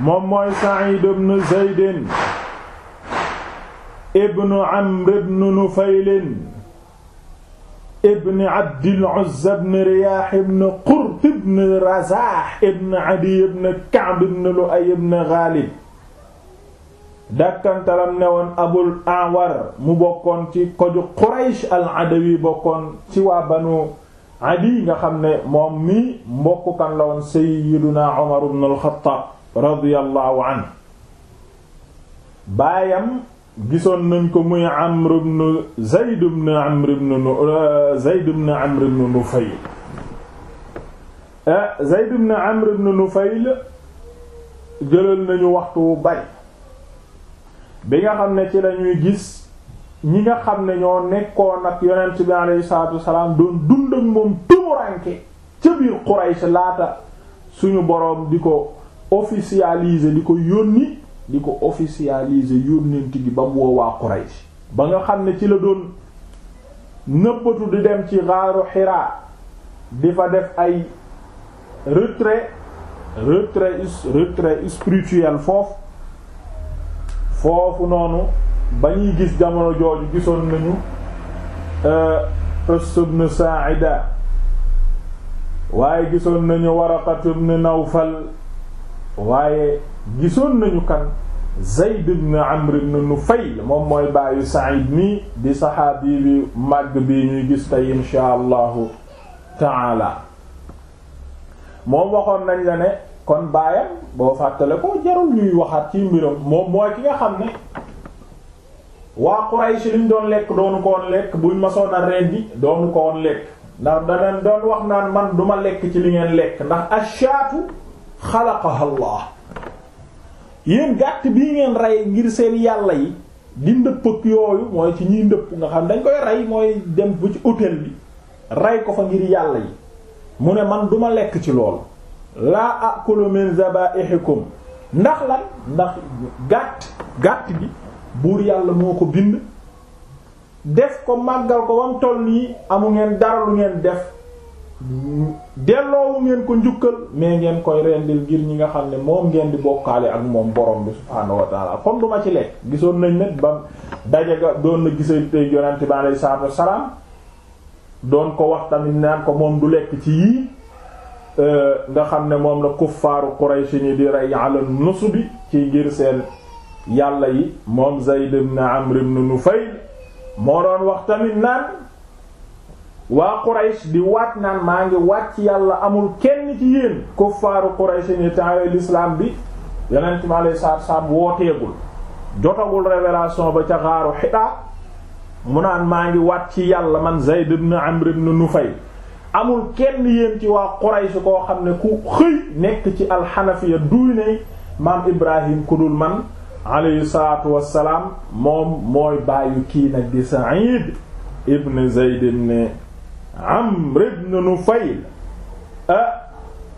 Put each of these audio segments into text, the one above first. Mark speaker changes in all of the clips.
Speaker 1: moom mooy Sa'id ibn Zayd ibn Amr ibn Nufayl ibn Abdil Uzza ibn Riyah ibn Qurt ibn Razah ibn Adi ibn Ka'b ibn Lu'ay ibn Ghalib dàkkantalam ne woon Abul A'war mu bokkoon ci koju Quraysh al-Adawi bokkoon ci waa Banu Adi nga xam ne moom mi mbokkukan la woon Sayyiduna Umar ibn al radiyallahu anhu baayam gisoon nañ ko muy Amr ibn Zayd ibn Amr ibn euh, Zayd ibn Amr ibn Nufayl euh, Zayd nañu waxtu wu bari bi nga xam ne ci lañuy gis ñi nga xam ne ñoo nekkoon ak yonent bi alayhi salaatu wasalaam doon dund moom tumuranke ca biir Quraysh laata suñu boroom di ko officialiser di ko yónni di ko officialiser yónnent gi ba mu woo waa Quraysh ba nga xam ne ci la doon nëbbatu di dem ci xaaru Hira di fa def ay retrait retrait retrait spirituel foofu foofu noonu ba ñuy gis jamono jooju gisoon nañu euh, Uss ibn Sa'ida waaye gisoon nañu Waraqat ibn Nawfal waaye gisoon nañu kan Zayd ibn Amr ibn moom mooy bàyyu Sa'id nii di saxaabi bi màgg bi ñuy gis tey insha allahu taala moom waxoon nañ la ne kon baayam boo fàttale ko jarul ñuy waxaat ci mbiram moom mooy ki nga xam ne waa Quraysh liñ doon lekk doonu ko woon lekk buñ masoon a rendi doonu ko woon lekk ndax daneen doon wax naan man duma lekk ci li ngeen lekk ndax ashaatu xalaqaha Allah yéen gàtt bii ngeen rey ngir seen yàlla yi di ndëppëg yooyu mooy ci ñiy ndëpp nga xam dañ koy rey mooy dem bu ci hôtel bi rey ko fa ngir yàlla yi mu ne man duma lekk ci lool laa akulu min zabaihikum ndax la ndax gàtt gàtt bi buur yàlla moo ko bind def ko màggal ko ba mu toll nii amu ngeen dara lu ngeen def delloowu ngeen ko njukkal mais ngeen koy rendil ngir ñi nga xam ne moom ngeen di bokkaale ak moom borom bi subhaanahu wa taala comme du ma ci lekk gisoon nañ nag ba dajaga doon na gisa tey yonente bi alayhi salaatu wassalaam doon ko wax tamit naan ko moom du lekk ci yii euh, nga xam ne moom la kuffaaru Quraysh ni di rey ala nusubi ci ngir seen yàlla yi moom Zayd ibn Amr ibn Nufayl moo doon wax tamit naan waa Quraysh di waat naan maa ngi waat ci yàlla amul kenn ci yéen kuffaaru Quraysh ni taawee l'islam bi yonent mi alayhi salaatu salaam wooteegul jotagul révélation ba ca xaaru Hiraa mu naan maa ngi waat ci yàlla man Zayd ibn Amr ibn Nufayl amul kenn yéen ci waa Quraysh koo xam ne ku xëy nekk ci alxanafiya duy ne maam Ibrahim ku dul man alayhi salaatu wassalaam moom mooy bàyyi kii nag di Sa'id ibn Zayd ibn Amr ibn Nufayl ah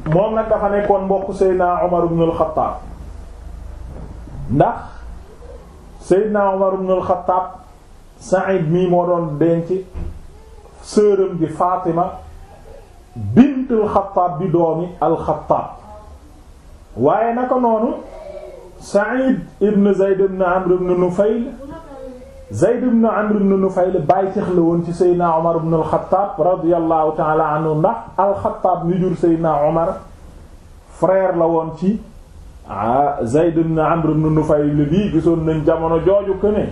Speaker 1: moom nag dafa nekkoon mbokk Seydina Omar ibn al-Khattab ndax Seydina Omar ibn al-Khattab Sa'id mii moo doon denc sëram ji Fatima bint al-Khattab bi doomi al-Khattab waaye naka noonu Sa'id ibn Zayd ibn Amr ibn Nufayl Zayd ibn Amr ibn Nufayl bàyyi tex woon ci Seydina Omar ibn al-Khattab radiyallahu ta'ala anhu ndax al-Khattab mi jur Seydina Omar frère la woon ci ah Zayd ibn Amr ibn Nufayl gisoon nañ jamono jooju que ne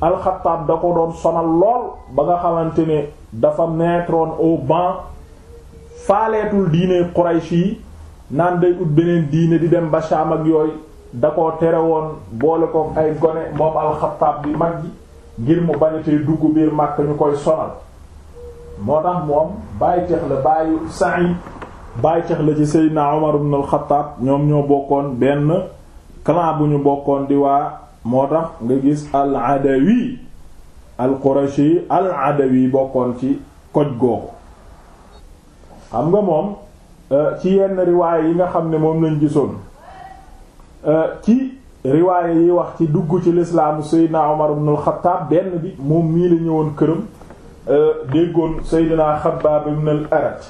Speaker 1: al-Khattab da ko doon sonal lool ba nga xamante ne dafa mettre au ban faaleetul diine Quraysh yi naan day ut beneen diine di dem ba ak yooyu. da koo tere woon boole ko ay gone moom alxattaab bi mag ji ngir mu bañatee dugg biir màkk ñu koy sonal moo tax moom bàyyi teex la bàyyi Sa'id bàyyi teex la ci Seydina Umar ibn al ñoom ñoo bokkoon benn clan bu ñu bokkoon di waa moo tax nga gis al-Adawi al-Qurashi al bokkoon ci koj googu xam nga moom euh, ci yenn riwaay yi nga xam ne moom lañu gisoon Euh, ci riwaaye yi wax ci dugg ci lislaamu Seydina Omar ibn al-Khattab benn bi moom mii la ñëwoon këram euh, déggoon Seydina Xabbaab ibn al-Arat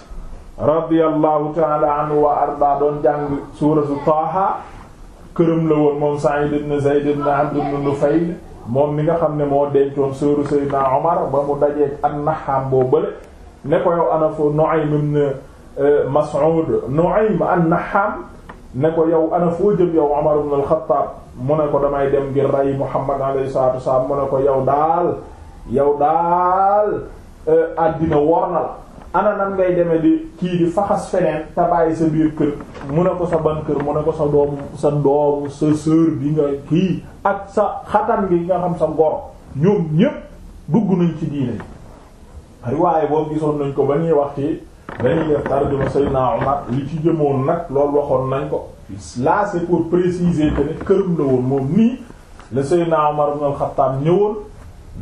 Speaker 1: radiyallahu ta'ala anhu wa arda doon jàng suuratu Taaha këram la woon moom Sa'id ibn Zayd ibn Abd ibn Nufayl moom mi nga xam ne moo dencoon sóoru Seydina Omar ba mu dajee ak naxaam boo bële ne ko yow ana fu Nu'aym ibn euh, Mas'ud Nu'aym an-Naxaam ne ko yow ana foo jëm yow Umar ibn al mu ne ko damay dem ngi rey Muhammad alayhi salaatu wa salaam mu ne ko yaw daal yow daal eh, àddina wor na la ana nan ngay demee di kii di faxas feneen te bàyyi sa biir kër mu ne ko sa ban kër mu ne ko sa doom sa doom sa sœur bi nga kii ak sa xatan gi nga xam sa ngor ñoom ñépp dugg nañ ci diine riwaaye boobu gisoon nañ ko ba ñuy wax ci dañuy def tarjuma Seydina Omar li ci jëmoon nag loolu waxoon nañ ko là c'est pour préciser que ne këram la woon moom nii la Seydina Omar ibn al-Khattab ñëwoon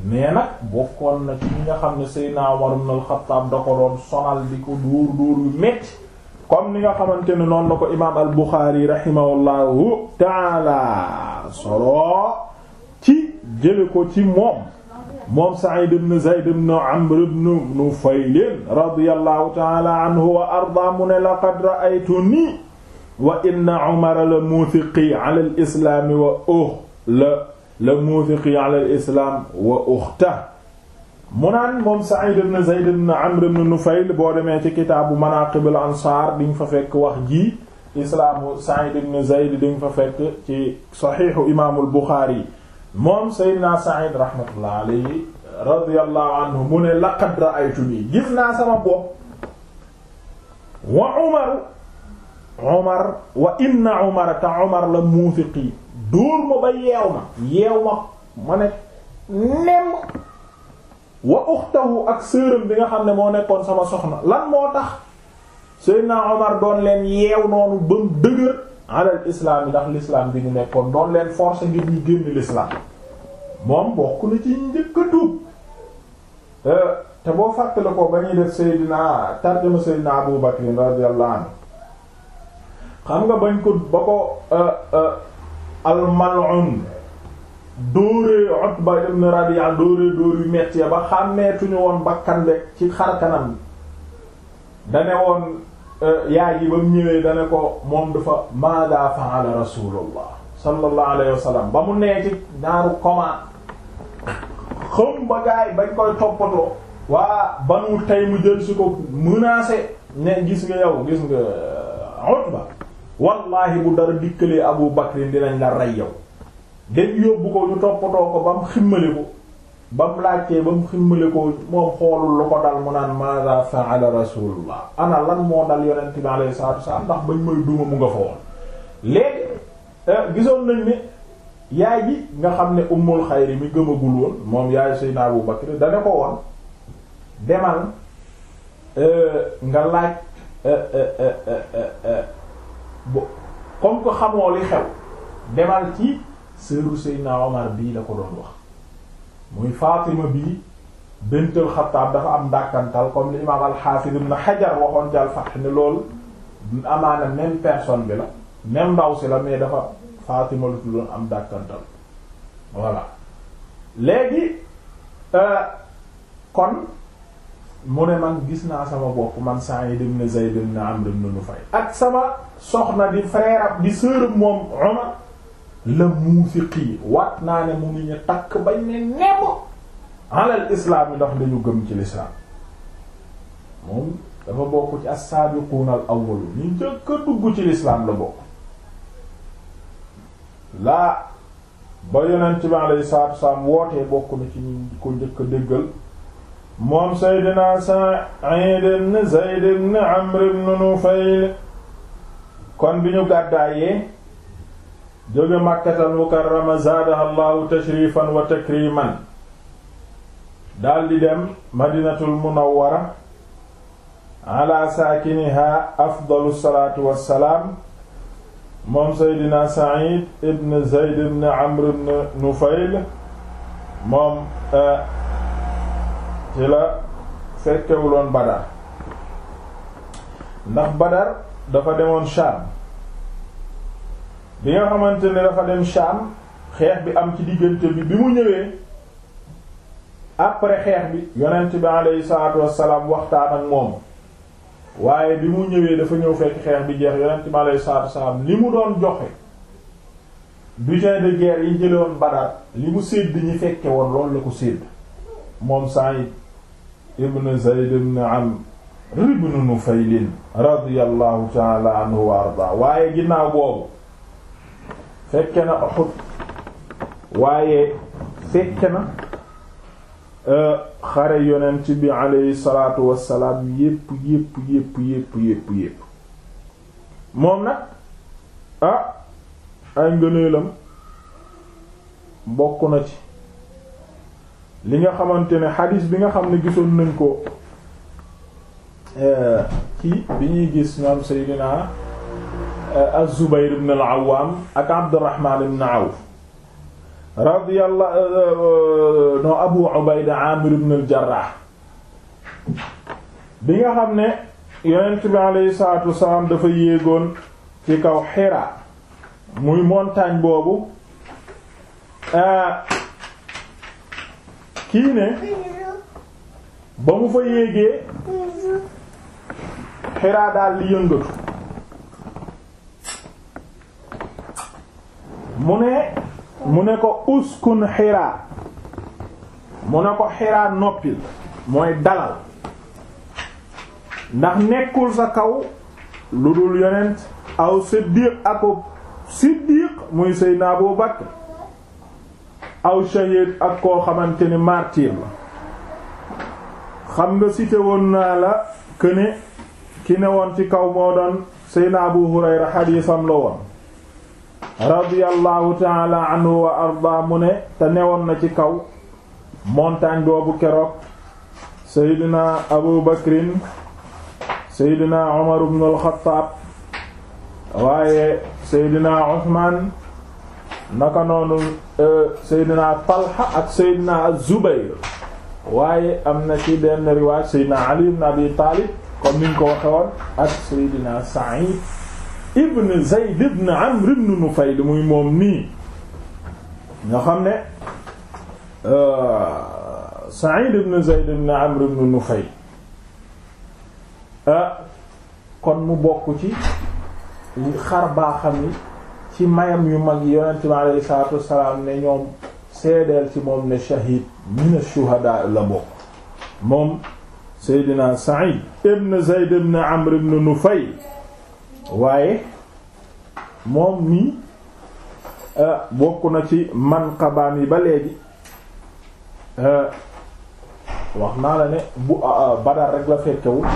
Speaker 1: mais nag bokkoon na ci ñi nga xam ne Seydina Omar ibn al-Khattab da ko doon sonal di ko dóor dóor yu metti comme ni nga xamante ne noonu la ko imaam al-Bukhari rahimahullahu solo ci jële ko ci moom moom Sa'id ibn Zayd ibn Amr ibn Nufayl radiyallahu ta'ala anhu wa arda mu ne laqad ra'aytuni wa inna Umara la muthiqi ala al-islam wa uh la la muthiqi ala al-islam wa ukhta mu naan moom Sa'id ibn Zayd ibn Amr ibn Nufayl boo demee ci kitaabu Manaqib al-Ansar diñ fa fekk wax ji islaamu Sa'id ibn Zayd diñ fa fekk ci saxiixu imaamul Buxaari moom Seydina Saïd rahmatullah alayhi radiyallahu anhu mu ne laqad ra'aytu nii gis naa sama bopp wa Umaru Umar wa inna Umara ka Umar la muufiqi dóor ma ba yeew ma yeew ma ma ne nemm wa uxtahu ak sëram bi nga xam ne moo nekkoon sama soxna lan moo tax Seydina Umar doon leen yeew noonu ba mu dëgër alal islam yi ndax l'islam bi ñu nekkoon doon leen forcer ngir ñu génn l'islam moom bokk na ci njëkk tuub euh, te boo fàttale ko ba ñuy def Seydina tarjama Seydina Abu Bakr radiyallahu xam nga bañ ko ba ko euh, euh, al-mal'un dóoree Utba ibn Rabi'a dóoree dóor yu metti ba xàmmeetuñu woon bakkan bekk ci xar kanam woon Euh, yaay ji ba mu ñëwee dana ko moom dafa maada fa'ala rasulullah sallallahu alayhi wa sallam ba mu nee ci naaru comment xam ba bañ koy toppatoo waa banu tey mu jël si ko menacé ne gis nga yow gis nga euh, Utba wallahi bu dara dikkalee Abu Bakr dinañ la rey yow dem yóbbu ko ñu toppatoo ko ba mu ximmali ko ba mu laajtee ba mu ximmali ko moom xoolul lu ko dal mu naan maada fa'ala rasulullah ana moo dal yonent bi alayhi salaatu wasallam ndax bañ may duma mu nga fa woon léegi euh, gisoon nañ ne yaay ji nga xam ne ummul xayri mi gëmagul woon moom yaay Seydina Abu Bakr dana ko woon demal euh, nga laaj euh, bu comme que xamoo li xew demal ci sëru Seydina Omar bii la ko doon wax muy Fatima bii bintul Xattaab dafa am ndàkkantal comme li imaam al-Hafiz ibn Hajar waxoon jàll fatt ne loolu amaana personne bi la même ndaw si la mais dafa Fatima lu tuddoon am ndàkkantal voilà léegi euh, kon mu ne man gis naa sama bopp man Sa'id ibn Zayd ibn Amr ibn Nufay ak sama soxna di frère ab di sœur moom Umar la muusiqi waat naa ne mu ngi ñu takk bañ ne nemm alal islaam yi ndax dañu gëm ci lislaam moom dafa bokk ci as-sabiquna awwalu ñu njëkk dugg ci lislaam la bokk laa ba yonent bi alayhi salaatu wasalaam wootee bokk ci ñu ko njëkk a déggal moom Seydina Sa'id ibn Zayd ibn Amr ibn kon bi ñu gàddaayee jóge màkkatal mukarrama zaadaha allahu tashrifan wa takriman daldi dem madinatul munawwara ala saakiniha afdalu salaatu wassalaam moom seydina said ibn zeyd ibn amr ibn nufayl moom euh, ci la fekkewuloon badar ndax badar dafa demoon Shaam bi nga xamante ne dafa dem Sham xeex bi am ci diggante bi bi mu ñëwee après xeex bi yonent bi aleyhi salaatu wassalaam waxtaan ak moom waaye bi mu ñëwee dafa ñëw fekk xeex bi jeex yonent bi aleyhi salaatu wassalaam li mu doon joxe butin de guerre yi jëlewoon Badar li mu sédd ñi fekke woon loolu la ko sédd moom Sa'id ibn Zayd ibn Amr ibn Nufaylin radiyallahu ta'ala anhu wa arda waaye ginnaaw boobu fekke na Uhud waaye fekke na e, xare yonent bi aleyhi salaatu wassalaam yépp yépp yépp yépp yépp yépp moom nag ah ay ngëneelam bokk na ci li nga xamante ne xadiis bi nga xam ne gisoon nañ ko e, ci bi ñuy gis ñoom Seydina Euh, az-Zubayr ibn al-Awwam ak Abdurrahman ibn Awf radiyallahu euh, euh, no Abu Ubayda Amir ibn al-Jarrah bi nga xam ne yonent bi alayhi salaatu wasalaam dafa yéegoon ci kaw Hira muy montagne boobu kii ne ba mu fa yéegee Hira daal li yëngatu mu ne mu ne ko uskun xiraa mu ne ko xiraa noppil mooy dalal ndax nekkul sa kaw lu dul yonent aw siddiq ako siddiq muy seydna Abu Bakr aw shahid ak koo xamante ni martyr la xam nga cité woon naa la këni ki ne woon ci kaw moo doon seydna Abu Hurayra xadiisam la woon radiyallahu taala anhu wa arda mu ne te newoon na ci kaw montagne boobu keroog seydina abu bakrin seydina umar ibn al-Khattab waaye seydina usman naka noonu e, seydina talha ak seydina zubayr waaye am na ci benn riwaay seydina ali ibn abi taalib comme niñ ko waxe woon ak seydina sa'id ibn Zayd ibn Amr ibn Nufayl moom nii nga xam ne euh, Sa'id ibn Zayd ibn Amr ibn euh, kon mu bokk ci xar baa xam ci mayam yu mag yonent bi alayhi salaatu ne ñoom seedeel ci moom ne shahid min ash-shuhada la bokk moom Seydina Sa'id ibn Zayd ibn Amr ibn waaye moom mi euh, bokk na ci manqabaan yi ba léegi euh, wax naa la ne bu euh, Badar rek la fekkewul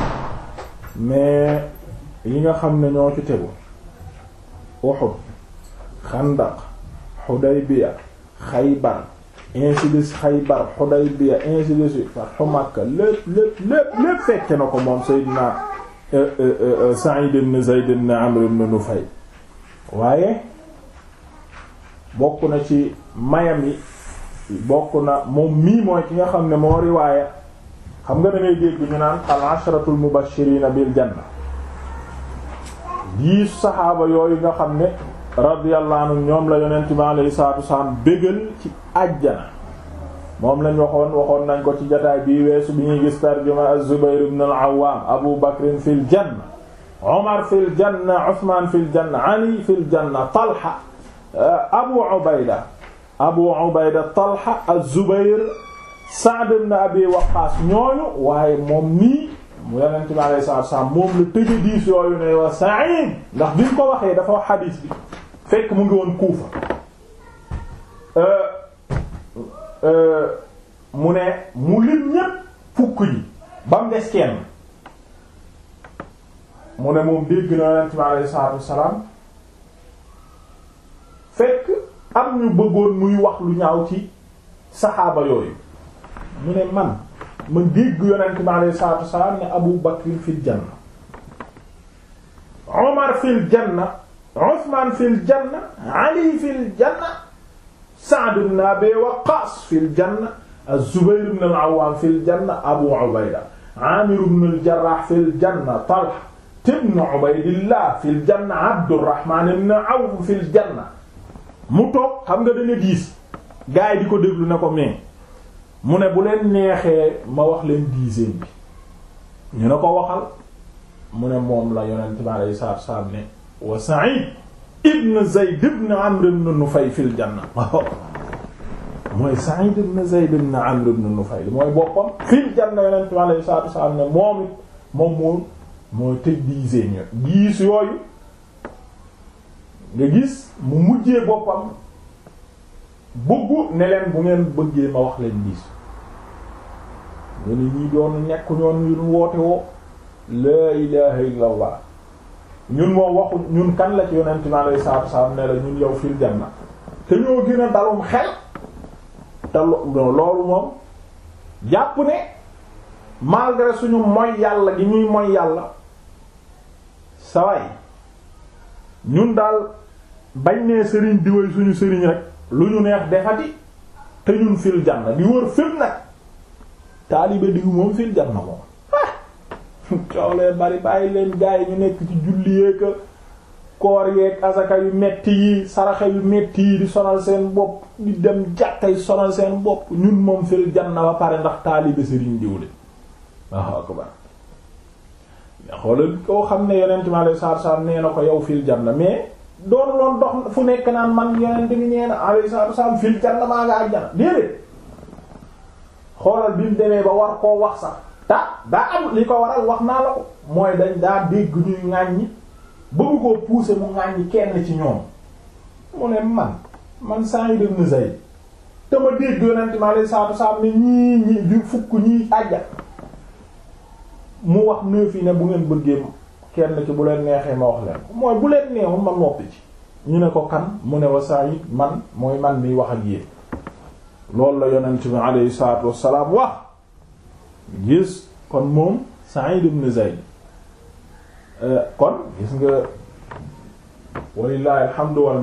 Speaker 1: mais yi nga xam ne ñoo ci tegu Uhud Xandaq Xudaybiya Xaybar ainsi de suite Xaybar Xudaybiya ainsi de suite Fathu Makka lépp lépp lépp lépp fekke na ko moom Seydina E, e, e, Sa'id ibn Zayd ibn Nufay waaye bokk na ci mayam yi bokk na moom mii mooy ki nga xam ne moo riwaaya xam nga da ngay dégg ñu naan al ashratul mubashirina bil janna dii saxaaba yooyu nga xam ne radiyallahu anhum ñoom la yonent bi alayhi salaatu wasalaam bégal ci àjjana moom lañu waxoon waxoon nañ ko ci jotaay bii weesu bi ñuy gis tarjuma az-Zubayr ibn al-Awwam Abu Bakr fil janna Umar fil janna Usman fil janna Ali fil janna Talha eh, Abu Ubayda Abu Ubayda Talha az-Zubayr Sa'd ibn Abi Waqqas ñooñu waaye moom nii mu Yonent bi alayhi salaatu diis yooyu ne wa Sa'id ndax bi ko waxee dafa wax xadiis bi fekk mu ngi woon Kuufa eh, Euh, mu ne mu lim ñépp fukk yi ba mu des kenn mu ne moom dégg na yonent bi alayhi salaatu fekk am ñu bëggoon muy wax lu ñaaw ci saxaaba yooyu mu ne man ma dégg yonent bi alayhi salaatu wassalaam Abu Bakr fil janna Omar fil janna Usman fil janna Ali fil janna Sa'd ibn Abi Waqqas fil janna az-Zubayr ibn al-Awwam fil janna Abu Ubayda Amir ibn al-Jarrah fil janna Talha ibn Ubaydillah fil janna Abdurrahman ibn Awf fil janna mu toog xam nga dana diis gars yi di ko déglu na ko mais mu ne bu leen neexee ma wax leen dixième bi ñu ne ko waxal mu ne moom la yonent bi alayhi salaatu wa salaam ne wa Sa'id ibn Zayd ibn Amr ibn Nufayl fil janna mooy Sa'id ibn Zayd ibn Amr ibn Nufayl mooy boppam fil janna yonent bi alayhi salaatu wa ne moom it moom moo mooy tëj diisee ñu giis yooyu nga gis mu mujjee boppam bëggu ne leen bu ngeen bëggee ma wax leen diis ñu ne doon nekk ñoon ñu woote laa ilaaha illallaah ñun moom waxu ñun kan la ci yonent mi alayhi salaatu salaam ne ñun yow fil janna te ñoo gën a dalum xel te loolu moom jàpp ne malgré suñu moy yàlla gi ñuy moy yàlla saway ñun daal bañ nee sëriñ diwéy suñu sëriñ rek lu ñu neex defati te ñun fil janna di wër fil nag taalibe diw moom fil janna moom coow lee bari bàyyi leen gaa yi ñu nekk ci julli yeeg koor yeeg asaka yu metti yi saraxa yu metti yi di sonal seen bopp di dem jàkkay sonal seen bopp ñun moom fil janna ba pare ndax taalibe sëriñ diw de waaw xam ne yonent mi alayhi salaatu ko yow fil janna na alayhi salaatu salaam fil janna maa nga àjjana déedéet xoolal bi mu demee ba war koo wax sax ta daa am li ko waral wax naa la ko mooy dañ daa dégg ñuy ŋàññi bëgg koo pousser mu ŋàññi kenn ci ñoom mu ne man man Sa'id ibn Zayd te ma dégg yonent ma lay saatu saatu fukk ñii àjja mu wax neuf yi ne bu ngeen bëggee kenn ci bu leen neexee ma wax leen mooy bu leen neexul ma noppi ci ñu ne ko kan mu ne wa Sa'id man mooy man miy wax ak yéen loolu la yonent bi alayhi salaatu wassalaam wax gis kon moom Sa'id ibn Zayd euh, kon gis nga walillahi alhamdu wal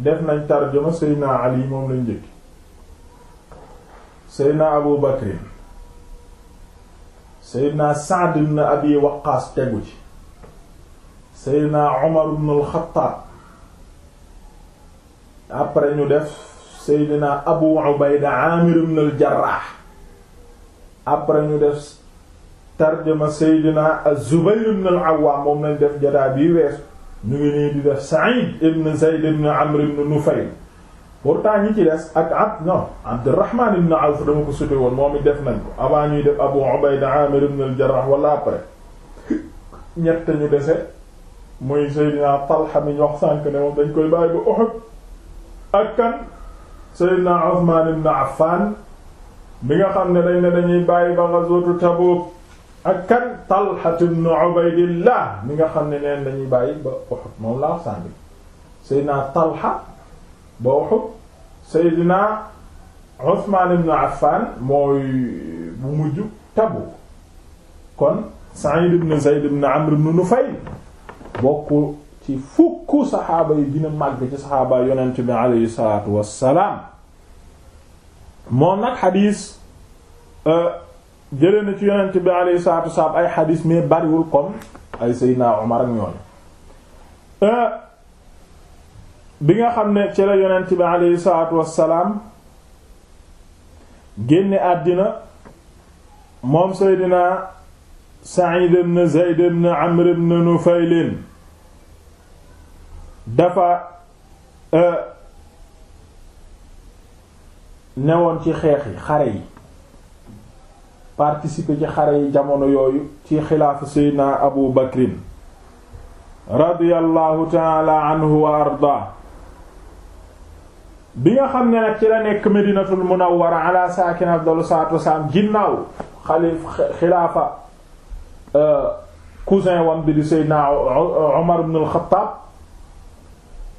Speaker 1: def nañ tarjuma Seydina Ali moom lañ njëkk Seydina Abu Bakr Seydina Sa'd ibn Abi Waqqas tegu ci Seydina Umar ibn al-Khattab après ñu def Seydina Abu Ubayda Amir ibn al-Jarrah après ñu def tarjama Seydina az-Zubayr ibn al-Awwam moom lañ def jataa bii weesu ñu ngi nii di def Sa'id ibn Zayd ibn Amr ibn Nufayl pourtant ñi ci des ak ab non Abdurrahman ibn Awf dama ko sute woon moom it def nañ ko avant ñuy def Abu Ubayda Amir ibn al-Jarrah wala après ñett ñu dese muy Seydina Talha mi wax sànk ne moom dañ koy bàyyi ba Uhud ak kan Seydina Uthman ibn Affan bi nga xam ne dañ ne dañuy bàyyi ba ghazwatu Tabuk ak kan Talha ibn Ubaydillah mi nga xam ne neen dañuy bàyyi ba Uhud moom laa sànni Seydina Talha ba Uhud Seydina Usman ibn Affan mooy bu mujj Tabuk kon Sa'id ibn Zayd ibn Amr ibn Nufayl bokk ci fukk saxaaba yi dina màgg ci saxaaba yonent bi alayhi salaatu wassalaam moom nag xadiis euh, jëlee na ci yonent bi alayhi ay xadiis mais bariwul comme ay Seydina Omar ak ñooñu euh, bi nga xam ne ci la yonent bi alayhi salaatu wasalaam génne àddina moom Seydina Sa'id ibn Zayd ibn Amr ibn Nufaylin dafa euh, newoon ci xeex yi xare yi participer ci xare yi jamono yooyu ci xilaafu seydna abu bakrin radiyallahu taala anhu wa arda bi nga xam ne nag ci la nekk medinatul munawwara ala saakin afdalu salaatu wasalaam ginnaaw xalif xilaafa euh, cousin wam bi di seydna omar ibn al-Khattab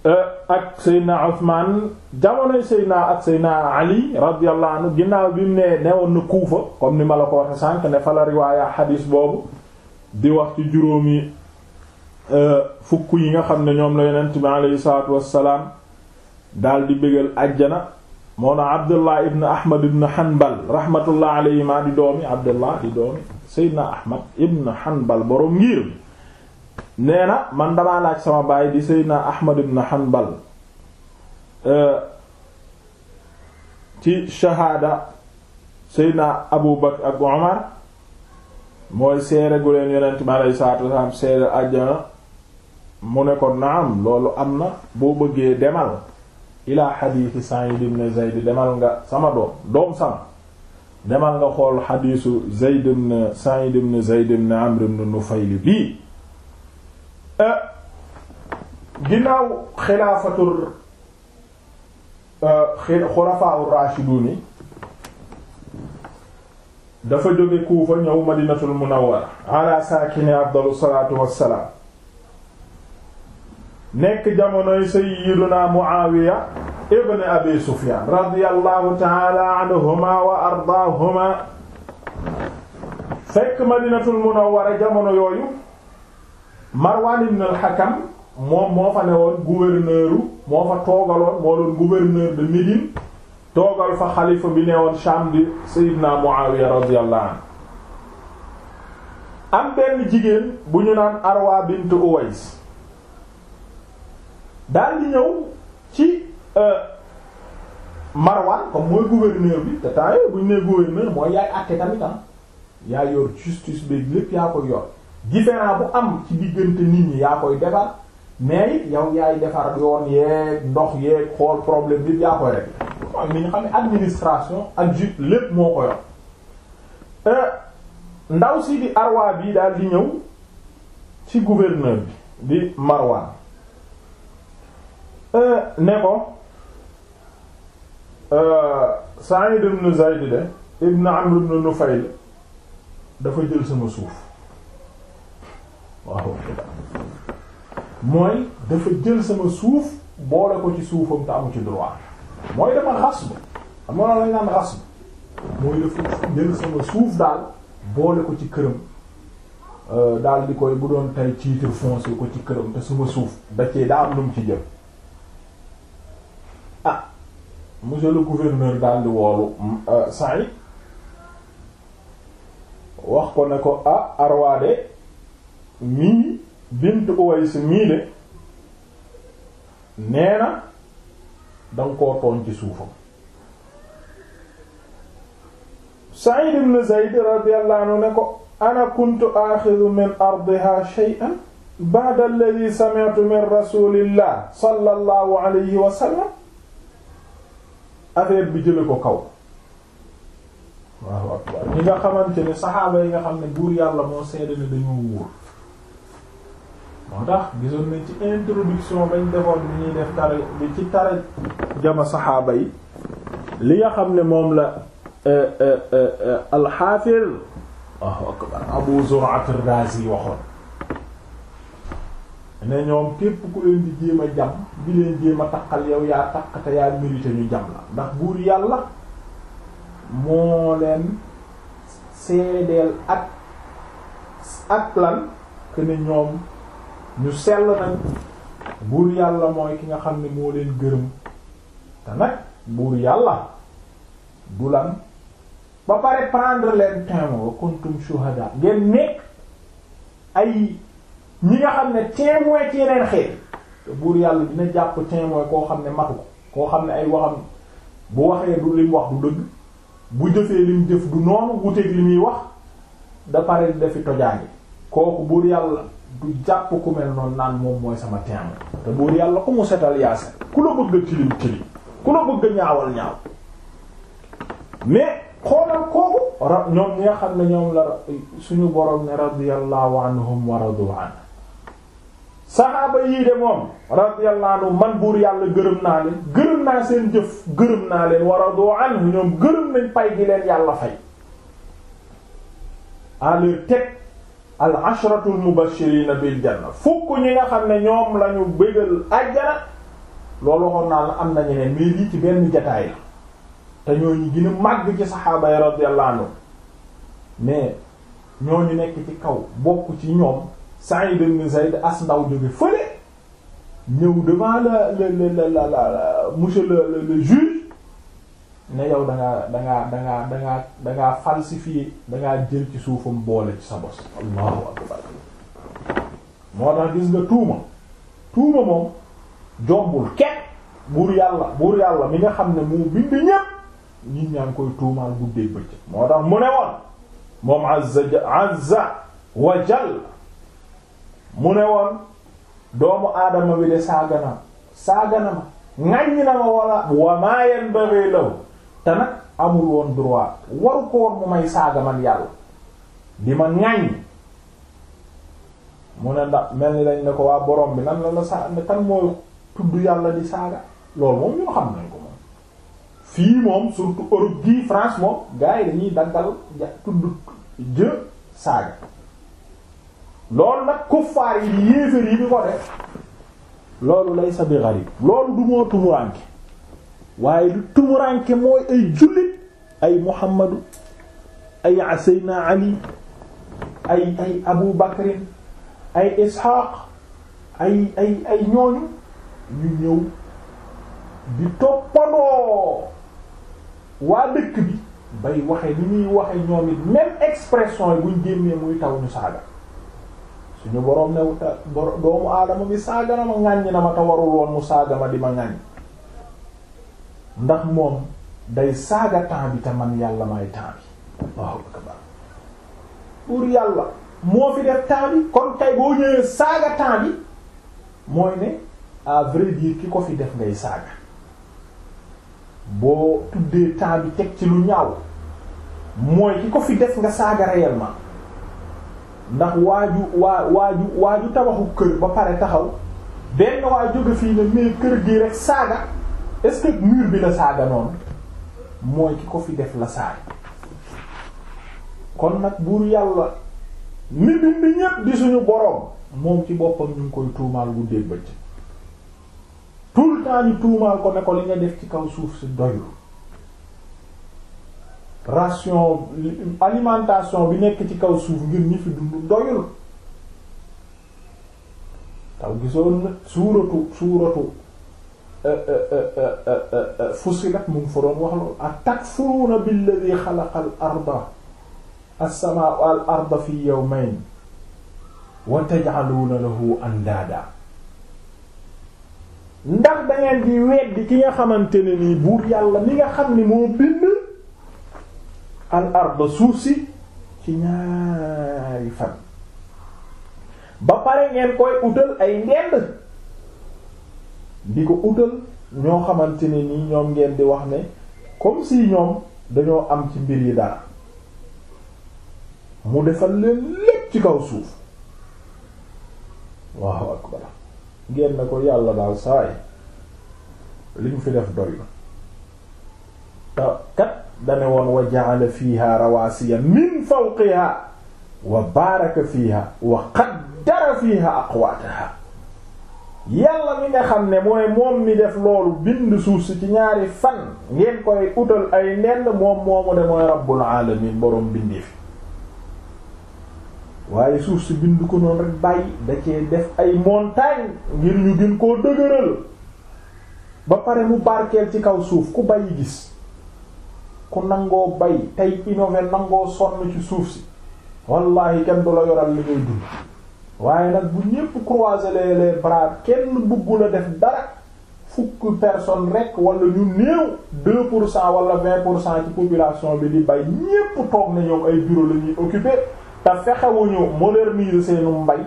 Speaker 1: Euh, ak Seydina Ousmane jamonoy Seydina ak Seydina Ali radiyallahu anhu ginnaaw bi mu ne newoon na Kuufa comme ni ma la ko waxe sànq ne fa la riwaaya xadiis boobu di wax ci juróomi euh, fukk yi nga xam ne ñoom la yonent bi aleyhi salaatu wassalaam daal di bégal ajjana moo na Abdullah ibn Ahmad ibn Hanbal rahmatullah aleyhi ma di doomi Abdullah di doomi Seydina Ahmad ibn Hanbal borom ngir nee na man damaa laaj sama baay di Seydina Ahmad ibn Hanbal euh, ci shahaada Seydina Abu Bakr ak Umar mooy seere gu leen yonent bi alayhi salaatu wasalaam seere àjjana mu ne ko naam loolu am na boo bëggee demal ilaa xadiisi Sa'id ibn Zayd demal nga sama doom doom sama demal nga xool xadiisu Zayd ibn Sa'id ibn Zayd ibn Amr ibn Nufayl bii Euh, ginnaaw xilaafatul euh, xulafaa rashiduni dafa jóge Kuufa ñëw Madinatul Munawwara ala saakini afdalu salaatu wassalaam nekk jamonoy sayyiduna Muawiya ibn Abi Sufyaan radiyallahu ta'ala anhuma wa ardaahuma fekk Madinatul Munawwara jamono yooyu Marwan ibn al-Hakam moom moo fa newoon gouverneur moo fa toogaloon moo doon gouverneur de Médine toogal fa xalifa bi newoon Sham di Seydina Muawiya radiyallahu anhu am benn jigéen bu ñu naan Arwa bint Uwais daal di ñëw ci euh, Marwan comme mooy gouverneur bi te temps yooyu bu ñu nee gouverneur mooy yaay àtte tamit ah yaa yor justice beeg lépp yaa ko yor. différent bu am ci diggante nit ñi yaa koy defar mais yow yaay defar yoon yeeg ndox yeeg xool problème bi yaa koy rek am ni ñu xam ne administration ak ju lépp moo ko yor euh, ndaw si di arwa bi daal di ñëw ci gouverneur bi di Marwan euh, ne ko euh, Sa'id ibn Zayd de ibn Amr ibn Nufayl dafa jël sama suuf waaw mooy dafa jël sama suuf boole ko ci suufam te amu ci droit mooy dama xas ba xam nga loolu lañ naan xas mooy dafa jël sama suuf daal boole ko ci këram euh, daal di koy bu doon tey titre foncier ko ci këram te sama suuf da ci daa am lu mu ci jël ah monsieur le gouverneur daal di woolu mm, euh, Saïd wax ko ne ko ah arwaade mii bint Uways mii de nee na danga koo tooñ ci suufam Sa'id ibn Zayd radiyallahu anhu ne ko ana kuntu axidu min ardiha shay'an ba'da alladhi sami'tu min rasulillah sallallahu alayhi wa sallam affaire bi jële ko kaw waaw waaw ñi nga xamante ne saxaaba yi nga xam ne buur yàlla moo seede ne dañoo wóor moo tax gisoon nañ ci introduction bañ defoon bi ñuy def tara bi ci tara jama saxaaba yi li nga xam ne moom la euh, euh, euh, alxaafir Allahu akbar Abu Zur'at ar-Razi waxoon ne ñoom képp ku leen di jéem a jam bi leen jéem a taqal yow yaa taq te yaa mérité ñu jam la ndax buur yàlla moo leen seedeel ak ak lan que ne ñoom ñu sell nañ buur yàlla mooy ki nga xam ne moo leen gërëm te nag buur yàlla du lan ba pare prendre leen témoin wa kuntum shuhada ngeen nekk ay ñi nga xam ne témoin ci yeneen xeet buur yàlla dina jàpp témoin koo xam ne matu ko koo xam ne ay waxam bu waxee du lim wax du dëgg bu jëfee lim jëf du noonu wuteeg li wax da pare defi tojaange kooku buur yàlla du jàpp ku mel noonu naan moom mooy sama teem te buur yàlla ku mu setal yaase ku la bëgg a tilim tilim ku la bëgg ñaawal ñaaw mais xoolal kooku ra ñoom ñi xam ne ñoom la suñu borom ne radiyallahu anhum wa radu an saxaaba yii de moom radiyallahu anhum man buur yàlla gërëm naa leen gërëm naa seen jëf gërëm naa leen wa radu anhu ñoom gërëm nañ pay gi leen yàlla fay à leur al ashratul mubashirina bil janna fukk ñi nga xam ne ñoom la ñu bëggal ajjana loolu waxoon naa la am na ñeneen mais lii ci benn jataay la te ñooñu gën a màgg ci saxaaba yi radiyallahu anhu mais ñooñu nekk ci kaw bokk ci ñoom Sa'id ibn Zayd as ndaw jóge fële ñëw devant la la la la la monsieur le le juge ne yow dangaa dangaa dangaa dangaa dangaa falsifier dangaa jël ci suufam boole ci sa bos allahu akbar moo tax gis nga tuuma tuuma moom jombul kenn buur yàlla buur yàlla mi nga xam ne mu bind ñépp nit ñaa ngi koy tuumaal guddee bëccëg moo tax mu ne woon moom azza azza wa jal mu ne woon doomu aadama bi de saagana saagana ma ŋaññi na ma wala wa maa yanbaghi lahu te nag amul woon droit waru ko woon mu may saaga man yàlla di ma ñaañ mu ne ndax mel ni lañ ne ko waa borom bi nan la la sa kan mooy tudd yàlla di saaga loolu moom ñoo xam nañ ko moom fii moom surtout Europe gii France moom gars dañuy daggal tudd jë saaga loolu nag kuffaar yi yéeféer yi bi ko loolu lay sa bi gharib loolu du moo tumuranke waaye lu tumuranke mooy ay jullit ay muhammadu ay aseyna ali ay ay abu bakrin ay isxaaq ay ay ay ñooñu ñu ñëw di toppandoo waa dëkk bi bay waxe ni ñuy waxe ñoom it même expression yi buñ génnee muy taw ñu saaga suñu boroom ne doomu aadama bi saaga na ma ŋàññ na ma te mu saaga ma di ma ŋàññ ndax moom day saaga temps bi te man yàlla may temps bi Allahu yàlla moo fi def temps bi kon tey boo ñëwee saaga temps bi mooy ne à vrai ki ko fi def ngay saaga boo tuddee temps bi teg ci lu ñaaw mooy ki ko fi def nga saaga réellement ndax waaju waa waaju waaju tabaxu kër ba pare taxaw benn waay jóge fii ne mais kër gi rek saaga est-ce que bi la saaga noonu mooy ki ko fi def la saaga kon nag buur yàlla mi bind ñépp di suñu borom moom ci boppam ñu ngi koy tuumaal bu bëcc tout le temps ñu tuumaal ko ne ko li nga def ci kaw suuf si doyul ration alimentation bi nekk ci kaw suuf ngir ñi fi dund doyul taw gisoon na suuratu suuratu Euh, euh, euh, fusilat mu ngi fa doon wax loolu ak takfuruuna billadhi xalaqa al arda as-samaa wal arda fi yawmayn wa taj'aluuna lahu andaada ndax da di weddi ki nga xamante ne buur yàlla mi nga xam ni moo bind al arda suuf si ci ñaari fan ba pare ngeen koy utal ay ndend di ko utal ñoo xamante ne nii ñoom ngeen di wax ne comme si ñoom dañoo am ci mbir yi dara mu defal leen lépp ci kaw suuf waaw akbar ngeen na ko yàlla daal saay li mu fi def doy te kat dane woon wa ja'ala fiha rawasiya min fawqiha wa baraka fiha wa qaddara fiha aqwataha yàlla mi nga xam ne mooy moom mi def loolu bind suuf si ci ñaari fan ngeen koy utal ay nenn moom moomu de mooy rabbul alamin boroom bindee fi waaye suuf si bind ko noonu rek bàyyi da cee def ay montagne ngir ñu gën koo dëgëral ba pare mu barkeel ci kaw suuf ku bàyyi gis ku nangoo bay tey innové nangoo sonn ci suuf si wallahi kenn du la yoral li ngay dund waaye nag bu ñépp croiser les les bras kenn bëggul a def dara fukk personne rek wala ñu néew deux pour cent wala vingt pour cent ci population bi di bay ñépp toog na ñoom ay bureau la ñuy occuper te fexewuñu moderniser seenu mbay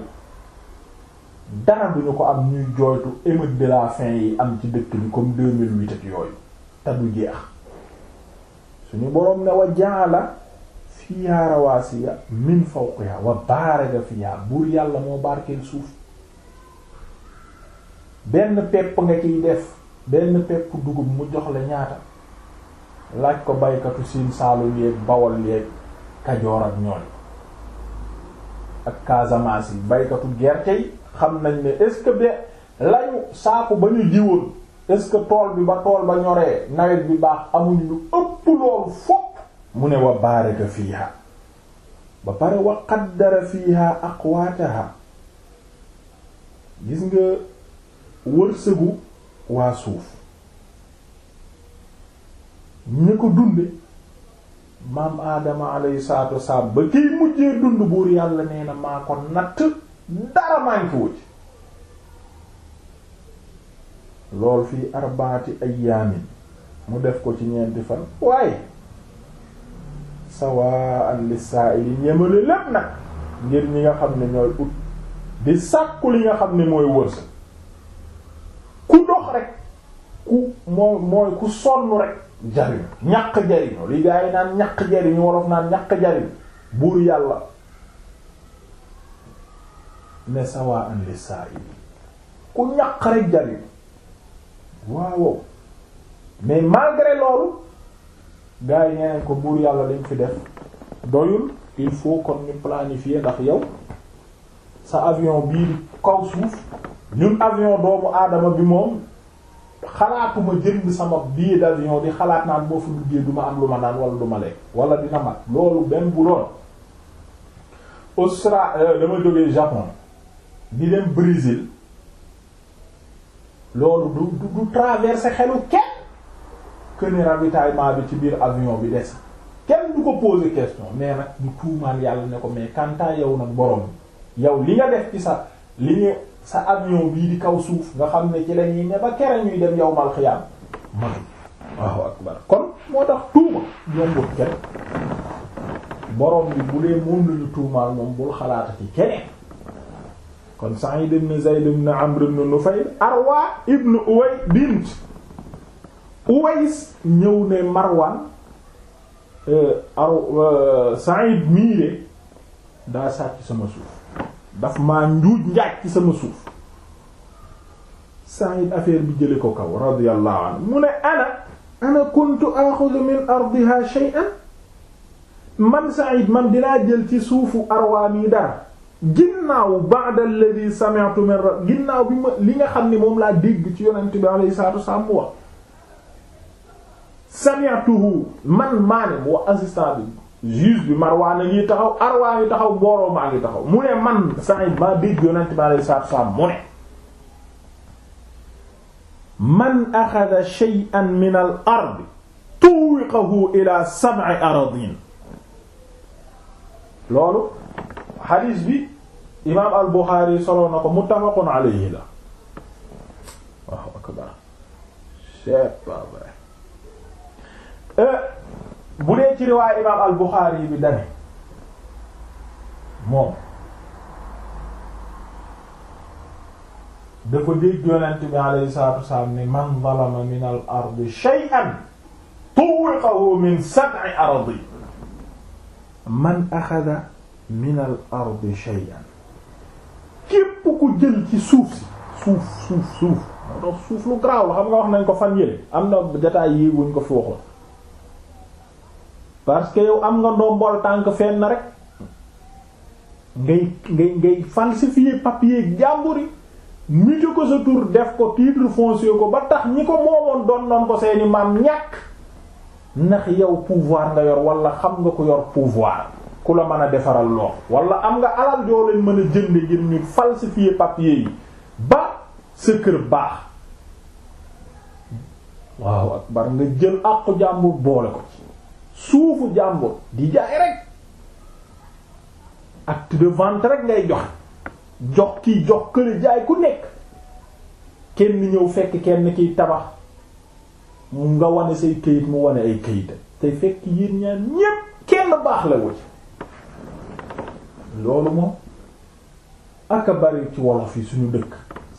Speaker 1: dara duñu ko am ñuy jooytu émeute de la faim yi am ci dëkk bi comme 2008 ak yooyu te du jeex suñu boroom ne wa jaala fiyaa rawaasiya min fawqiha wa baaraka fiyaa buur yàlla moo barkeel suuf benn pepp nga ciy def benn pepp dugub mu jox la ñaata laaj ko baykatu siin saalum yeeg bawol yeeg kajoor ak ñooñ ak Casamance yi baykatu gerte yi xam nañ ne est-ce que be lañu saaku ba ñu jiwoon est-ce que tool bi ba tool ba ñoree nawet bi baax amuñu lu ëpp loolu fokk mu ne wa baaraka fiiha ba pare wa qaddara fiiha aqwaataha gis nga wërsëgu waa suuf ñu ko dunde maam aadama alayhi salaatu wasalaam ba kiy mujjee dund buur yàlla nee na maa ko natt dara manqué ci lool fii arbaati ayyaamin mu def ko ci ñeenti fan waaye sawa'an lis-sa'ili yemale lépp nag ngir ñi nga xam ne ñooy ut di sàkku li nga xam ni mooy wërsëg ku dox rek ku moo mooy ku sonn rek jariñu ñàq jariñu li gaa yi naan ñàq jariñu wolof naan ñàq jariñu buur yàlla ne sawa'an lis-sa'ili ku ñàq rek jariñu waaw mais malgré loolu gars yi ñeneen ko buur yàlla lañ fi def doyul il faut kon ñu planifier ndax yow sa avion bii kaw suuf ñun avion doomu aadama bi moom xalaatuma jënd sama billet d'avion di xalaat naan boo fa duggee du ma am lu ma naan wala du lekk wala dina mat loolu benn bu doon Austra euh, dama jógee Japon di dem Brésil loolu du du traverser xelu kenn que ni ravitaillement bi ci biir avion bi des kenn du ko poser question mais nag du tuumaal yàlla ne ko mais kantaa yow nag borom yow li nga def ci sa li nga sa avion bii di kaw suuf nga xam ne ci la ñuy ne ba kere ñuy dem yow mal xiyaam man waaw akbar kon moo tax tuuma yombul kenn borom bi bu dee moom lañu tuumaal moom bul xalaata ci keneen kon Sa'id ibn Zayd ibn Amr ibn Nufayl Arwa ibn Uway bint Uways ñëw ne Marwan euh, aw euh, Saïd miire daa sàcc sama suuf daf maa njuuj njaaj ci sama suuf Saïd affaire bi jële ko kaw radiyallahu anhu mu ne ana ana kuntu axudu min ardiha shay'an man Saïd man dinaa jël ci suufu arwaan yi dara ginnaaw ba'da alladhi sami'tu min ginnaaw bi ma li nga xam ne moom laa dégg ci yonent bi alayhi salaatu wa wax sami'tuhu man maa ne boo assistant bi juge bi Marwaan a ngi taxaw Arwaa ngi taxaw booroo maa ngi taxaw mu ne man Sa'id maa dégg yonent bi alayhi salaatu salaam mu ne man axada shay'an min al ardi tuwiqahu ila sab'i aradin loolu xadiis bi imaam al Buxaari soloo na ko muttafaqun alayhi la waaw akbar Euh, bu dee ci riwaay imaam al Buxaari bi dane moom dafa dégg yonent bi alayhi salaatu wasalaam ni man zalama min al ardi shay'an tuwwiqahu min sab'i aradi man axada min al ardi shay'an képp ku jël ci suuf si suuf suuf suuf moo tax suuf lu garaaw la xam nga wax nañ ko fan yële am na jataay yi buñ ko fi waxoon parce que yow am nga ndombol tànk fenn rek ngay ngay ngay falsifier papier jàmbur yi muté ko sa tur def ko titre foncier ko ba tax ñi ko moomoon doon noon ko seeni maam ñàkk ndax yow pouvoir nga yor walla xam nga ko yor pouvoir ku la mën a defaral lool wala am nga alal joo leen mën a jënde ngir ñu falsifier papier yi ba sa kër baax waaw akbar nga jël àqu jàmbur boole ko suufu jàmbur di jaay rek acte de vente rek ngay jox jox kii jox kële jaay ku nekk kenn ñëw fekk kenn kiy tabax mu nga wane say këyit mu wane ay këyit te fekk yéen ñaar ñépp kenn baax la wut loolu moom aka bari ci wolof yi suñu dëkk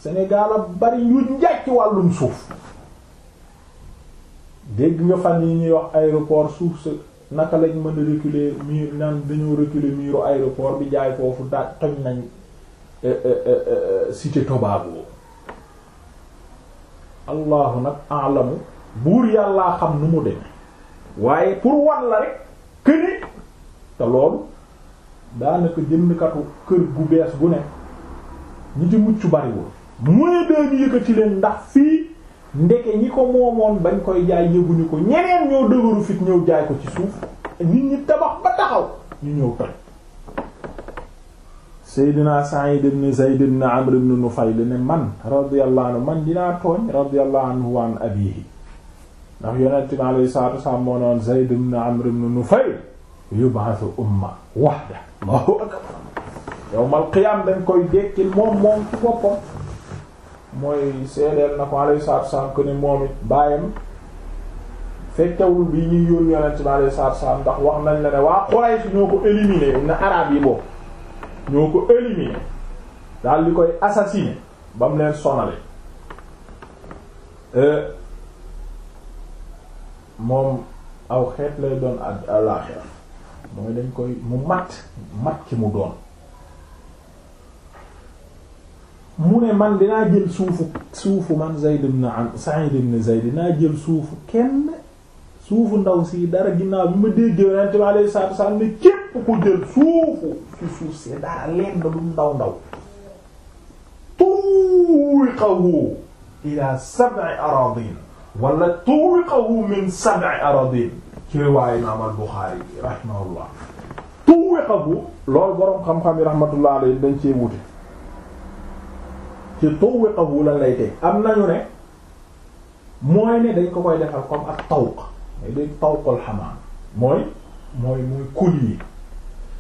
Speaker 1: Sénégal bari yu njaaj ci wàllum suuf dégg nga fan yi ñuy wax aéroport suuf sa naka lañ mën a reculer mur nan dañoo reculer miiru aéroport bi jaay foofu daaj toj nañ eh, eh, eh, cité Tobago allahu nag alamu buur yàlla xam nu mu demee waaye pour wan rek këni te loolu daanaka jëndkatu kër gu bees gu ne ñi ci mucc bariwul mooy dee ñu yëkkati leen ndax fii ndeke ñi ko moomoon bañ koy jaay yëguñu ko ñeneen ñoo dëgëru fit ñëw jaay ko ci suuf nit ñi tabax ba taxaw ñu ñëw toj Seydina Sa'id ibn Zayd ibn Amr ibn Nufayl ne man radiyallahu anhu man dinaa tooñ radiyallahu an abihi ndax yonent bi alayhi salaatu wasalaam moo noon Zayd ibn Amr ibn Nufayl yub'athu umma wahda Allahu akbar yawmal qiyaam dañ koy dekkil moom moom ci boppam mooy seedeel na ko alayhi salaatu salaam que ne moom it bàyyam fekkewul bi ñuy yóon yonent bi alayhi salaatu salaam ndax wax nañ la ne waa Quraysh ñoo ko éliminé na arab yi boobu ñoo ko éliminé daal di koy assassiné ba mu leen sonale euh, moom aw xeet lay doon ak àllaxira mooy dañ koy mu mat mat ki mu doon mu ne man dinaa jël suufu suufu man Zayd ibn Sa'id ibn Zayd dinaa jël suufu kenn suufu ndaw si dara ginnaaw bi ma dégg Yonent bi alayhi salaatu wa salaam ne képp ku jël suufu su suuf si dara leen da lu ndaw ndaw tuwiqahu ila sab'i aradin wala tuwiqahu min sab'i aradin ci riwaayu Imaam al-Buxaari rahimahullah tuwiqahu loolu boroom xam-xam yi rahmatullah alayhi dañ cee wute ci tuwwiqahu lan lay teg am nañu ne mooy ne dañ ko koy defal comme ak tawq mooy day tawqal xamaan mooy mooy muy yi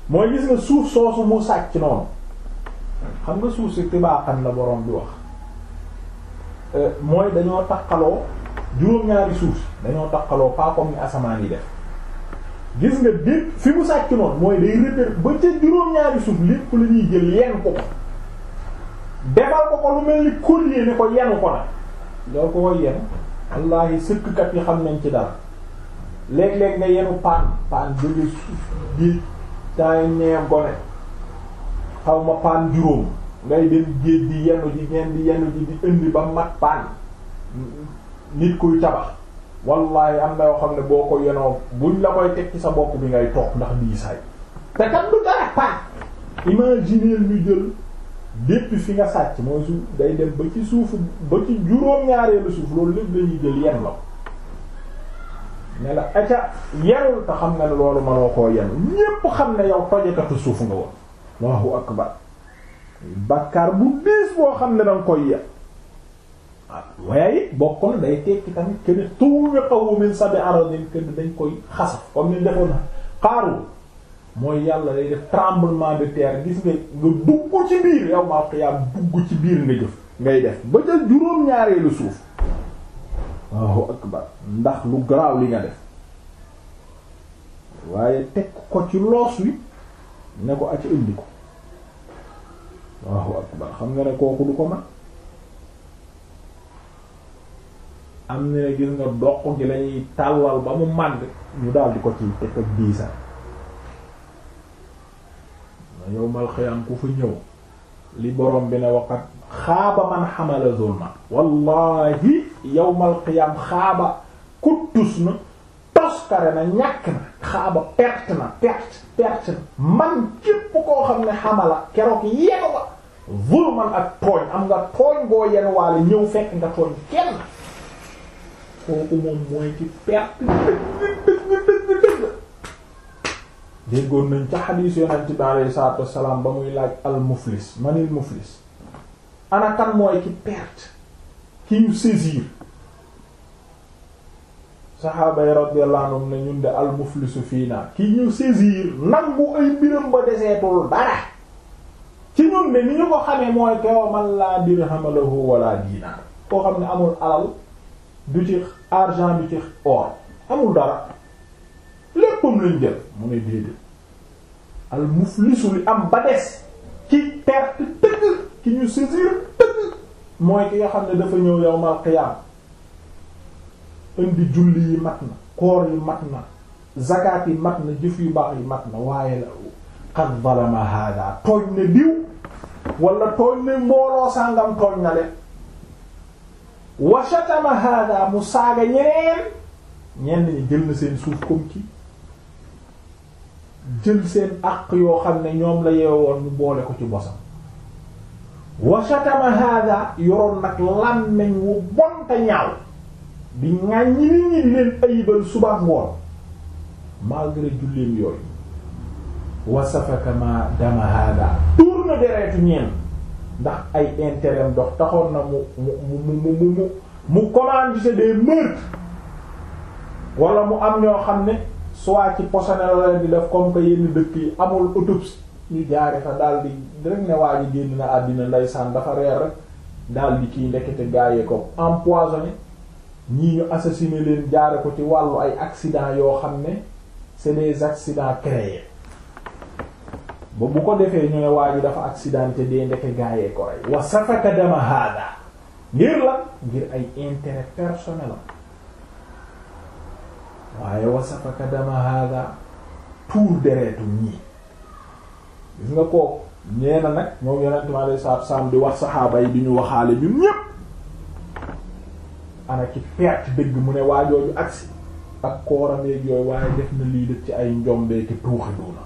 Speaker 1: mooy gis nga suuf soosu mu sàcc noonu xam nga suuf si tibaaxan la borom bi wax euh, mooy dañoo takkaloo juróom-ñaari suuf dañoo takkaloo pas comme ni asamaan yi def gis nga dépp fi mu sàcc noonu mooy day réper ba ca juróom-ñaari suuf lépp la jël yenn ko defal ko ko lu mel ni collier ko yenu ko nag doo ko koy yenu wallaahi sëkkkat yi xam nañ ci dara léeg-léeg nga yenu paan paan jóge suuf géej temps nee ma paan juróom ngay dem géej di yenu ji ngeen di yenu ji di indi ba mat paan nit kuy tabax wallaahi am na yoo xam ne boo ko yenoo buñ la koy teg ci sa bopp bi ngay toog ndax lii say te kat du dara paan imaginer ñu jël depuis fi nga sàcc mooy suuf day dem ba ci suufu ba ci juróom-ñaareelu suuf loolu lépp lañuy jël yenn la ne la aca yerul te xam ne loolu mënoo koo yenn ñépp xam ne yow tojakatu suuf nga woon Allahu akbar bàkkaar bu diis boo xam ne danga koy yenn waaw ah, waaye bokk na day tekki tamit kenn tuuwe xawu min sabi aradin kenn dañ koy xasaf comme ni defoon xaaru moo yàlla day def tremblement de terre gis nga nga dugg ci biir yow maa xiyaam dugg ci biir nga jëf ngay def ba ca juróom-ñaareelu suuf waaw akbar ndax lu garaaw li nga def waaye teg ko ci loos wi ne ko aca indi ko waaw akbar xam nga ne kooku du ko man am na ne gis nga doq gi lañuy tàllal ba mu màgg ñu daal ko ci teg ak diisal na yowmal xiyaam ku fa ñëw li borom bi ne waqat xaaba man xamala zulma wallahi yowmal xiyaam xaaba kuttus na toskare na ñàkk na xaaba perte na perte perte na man képp koo xam ne xamala keroog yenu ba zulman ak tooñ am nga tooñ boo yen waale ñëw fekk nga tooñ kenn kooku moom mooy ci perte déggoon nañ ca xadiis yonent bi alayhi ba muy laaj al muflis manil muflis ana kan mooy ki perte ki ñu saisir saxaaba yi radiyallahu anhum ne ñun de al muflisu fii ki ñu saisir nangu ay mbiram ba deseetul dara ci ñun de ni ñu ko xamee mooy kewa man laa dirham lahu wala diinaar koo xam ne amul alal du ci argent du ci or amul dara léppam lañ jël mu ne déedéet al li am ba des ki perte tëgg ki ñu saisir tëgg mooy ki nga xam ne dafa ñëw yawmal qiyaam indi julli yi mat na koor yi mat na zakat yi mat na jëf yu baax yi mat na waaye la qad zalama tooñ ne diw wala tooñ ne mbooloo sàngam tooñ na leen wa shatama mu saaga ñeneen ñenn ñi jël na seen suuf comme ci jël seen àq yoo xam ne ñoom la yeewoon mu boole ko ci bosam wa yoroon nag làmmeñ wu bonta ñaaw bi ŋàññi nit ñi di leen ayibal suba ngoon malgré julleem yooyu wa tuur na dereetu ñeen ndax ay intérêt dox taxoon na mu mu mu mu mu mu mu commandité des meurtres wala mu am ñoo xam ne soit ci posone la leen di def comme que yenn dëkk yi amul autopsie ñu jaare fa daal di rek ne waa ji génn na àddina ndeysaan dafa reer rek daal di kiy ndekete gaayee ko empoisonné ñii ñu assassiné leen jaare ko ci wàllu ay accident yoo xam ne c'est des accidents créés ba ko defee ñu ne waa ji dafa accidenté dee ndeke gaayee ko rey wa dem dama haada ngir la ngir ay intérêt personnel am waaye wasafaka dama hada tuur deretu ñii gis nga kooku nee na nag moom yonent mi alayhi salaatu salaam di wax saxaaba yi di ñu waxaale ñun ñépp ana ci perte dëgg mu ne waajooju agsi ak kooram yeeg yooyu waaye def na lii def ci ay njombeeki tuuxi duuna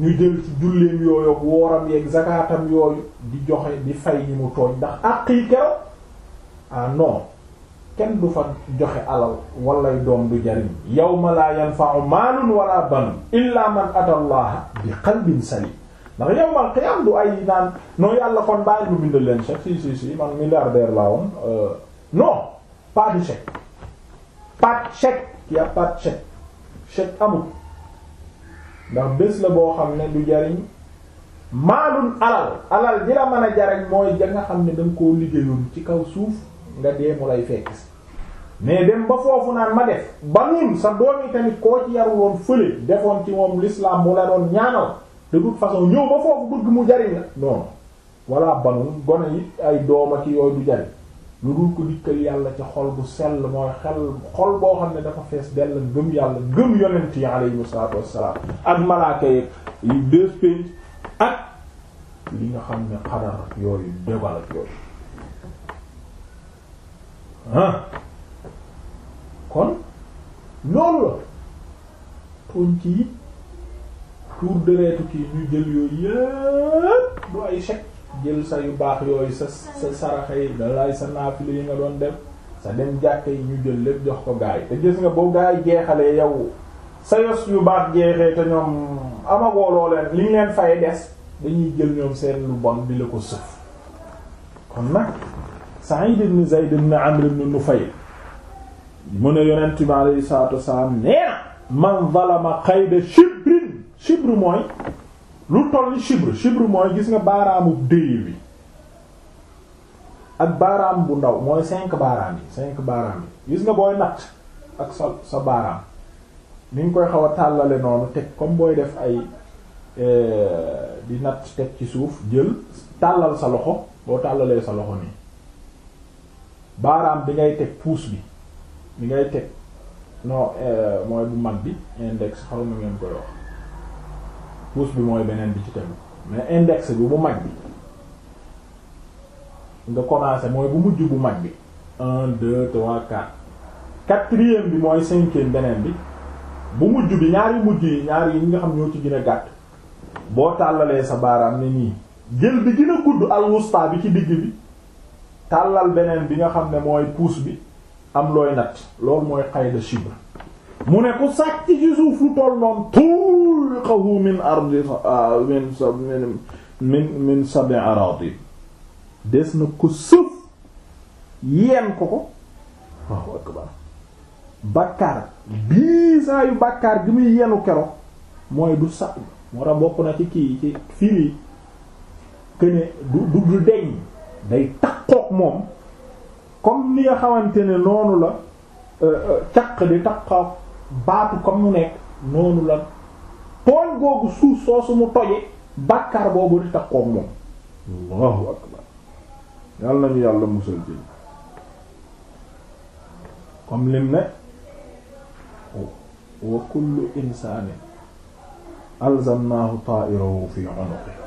Speaker 1: ñu jël ci julleem yooyu ak wooram yeeg zakaatam yooyu di joxe di fay ñi mu tooñ ndax àq yi keroog ah kenn du fa joxe alal walay doom du jariñ yawma laa yanfa'u maalun wala banun illa man ata bi qalbin salim ndax yawmal qiyam du ay naan non yàlla kon lu bind leen chèque si si si man milliardaire laa woon euh, non pas de chèque pas de chèque y a pas de chèque chèque ndax bés la boo xam ne du jariñ maalun alal alal ji la mën a jariñ mooy ja xam ne da koo liggéeyoon ci kaw suuf nga dee mu lay fekk mais dem ba foofu naan ma def ba nun sa doom yi tamit koo ci yarul fële defoon ci moom lislaam mu la doon ñaanal de toute façon ñëw ba foofu bëgg mu jariñ la non walla ba gone yi ay dooma ci yooyu du jariñ lu dul ko dikkal yàlla ci xol bu sell mooy xel xol boo xam ne dafa fees dell gëm yàlla gëm yonent yi alayhi salaatu wassalaam ak malaaka yi yu deux ak li nga xam ne xadar yooyu dogal ak yooyu ah kon loolu la tooñ kii tuur deretu kii ñu jël yooyu yépp du ay chèque jël sa yu baax yooyu sa sa saraxa yi dalay sa naafile yi nga doon dem sa dem jàkka yi ñu jël lépp jox ko gaay te gis nga boo gaay jeexalee yow sa yos yu baax jeexee te ñoom amagoo loo leen leen fay des dañuy jël ñoom seen lu bon bi la ko sëf kon nag Sa'id ibn Zayd ibn Amr ibn Nufayl mu ne yonent bi alayhi salaatu wasalaam nee na man zalama qayda shibrin shibr mooy lu toll ni shibr shibr mooy gis nga baaraamu déy bi ak baaraam bu ndaw mooy cinq baaraam yi cinq baaraam yi gis nga booy natt ak sa sa baaraam ni nga koy xaw a tàllale noonu teg comme booy def ay eh, di natt teg ci suuf jël tàllal sa loxo boo tàllalee sa loxo nii baaraam bi ngay teg pouce bi bi ngay teg non euh, mooy bu mag bi index xaw ma ngeen koy wax pouce bi mooy beneen bi ci tegu mais index bi bu mag bi nga commencé mooy bu mujj bu mag bi un deux trois quatre quatrième bi mooy cinquième beneen bi bu mujj bi ñaari mujj yi ñaari yi nga xam ñoo ci gën a gàtt boo tàllalee sa baaraam ne nii jël bi dina a gudd alwusta bi ci digg bi tàllal beneen bi nga xam ne mooy puus bi am looy natt loolu mooy xayda shibr mu ne ku sàcc ci suuf lu toll noonu tulqahu min ardi ah, min sa min min min des na ko sëf yeen ko ko waaw bii saa yu bàkkaar muy yenu kero mooy du sàcc moo tax bokk na ci kii ci firi këne du du du day takkook moom comme ni nga xamante ne noonu la euh, euh, caq di takkook baatu comme mu nekk noonu la tooñ googu suuf soosu mu toje bàkkaar boobu di takkook moom allahu akbar yàlla nañu yàlla musal jël comme lim ne wa kullu insaanin alzamnaahu taa'irahu fi unuqihi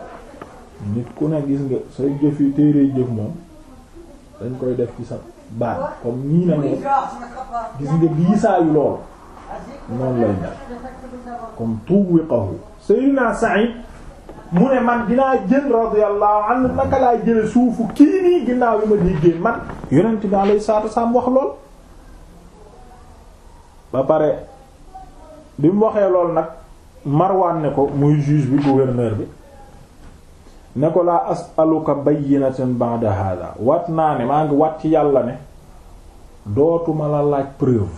Speaker 1: nit ku ne gis nga say jëf yi téere jëf moom dañ koy def ci sa baat comme nii na moom gis nga diisaayu lool noonu lay mel comme tuwiqahu Sayyidina Sa'id mu ne man dinaa jël radiyallahu anhu naka laa jële suufu kii nii ginnaaw bi ma déggee man yonent bi alayhi salaatu wasallam wax lool ba pare bi mu waxee lool nag Marwan ne ko muy juge bi gouverneur bi ne ko laa as'aluka bayyinatan ba'da hada wat naa ne maa ngi wat ci yàlla ne dootuma la laaj preuve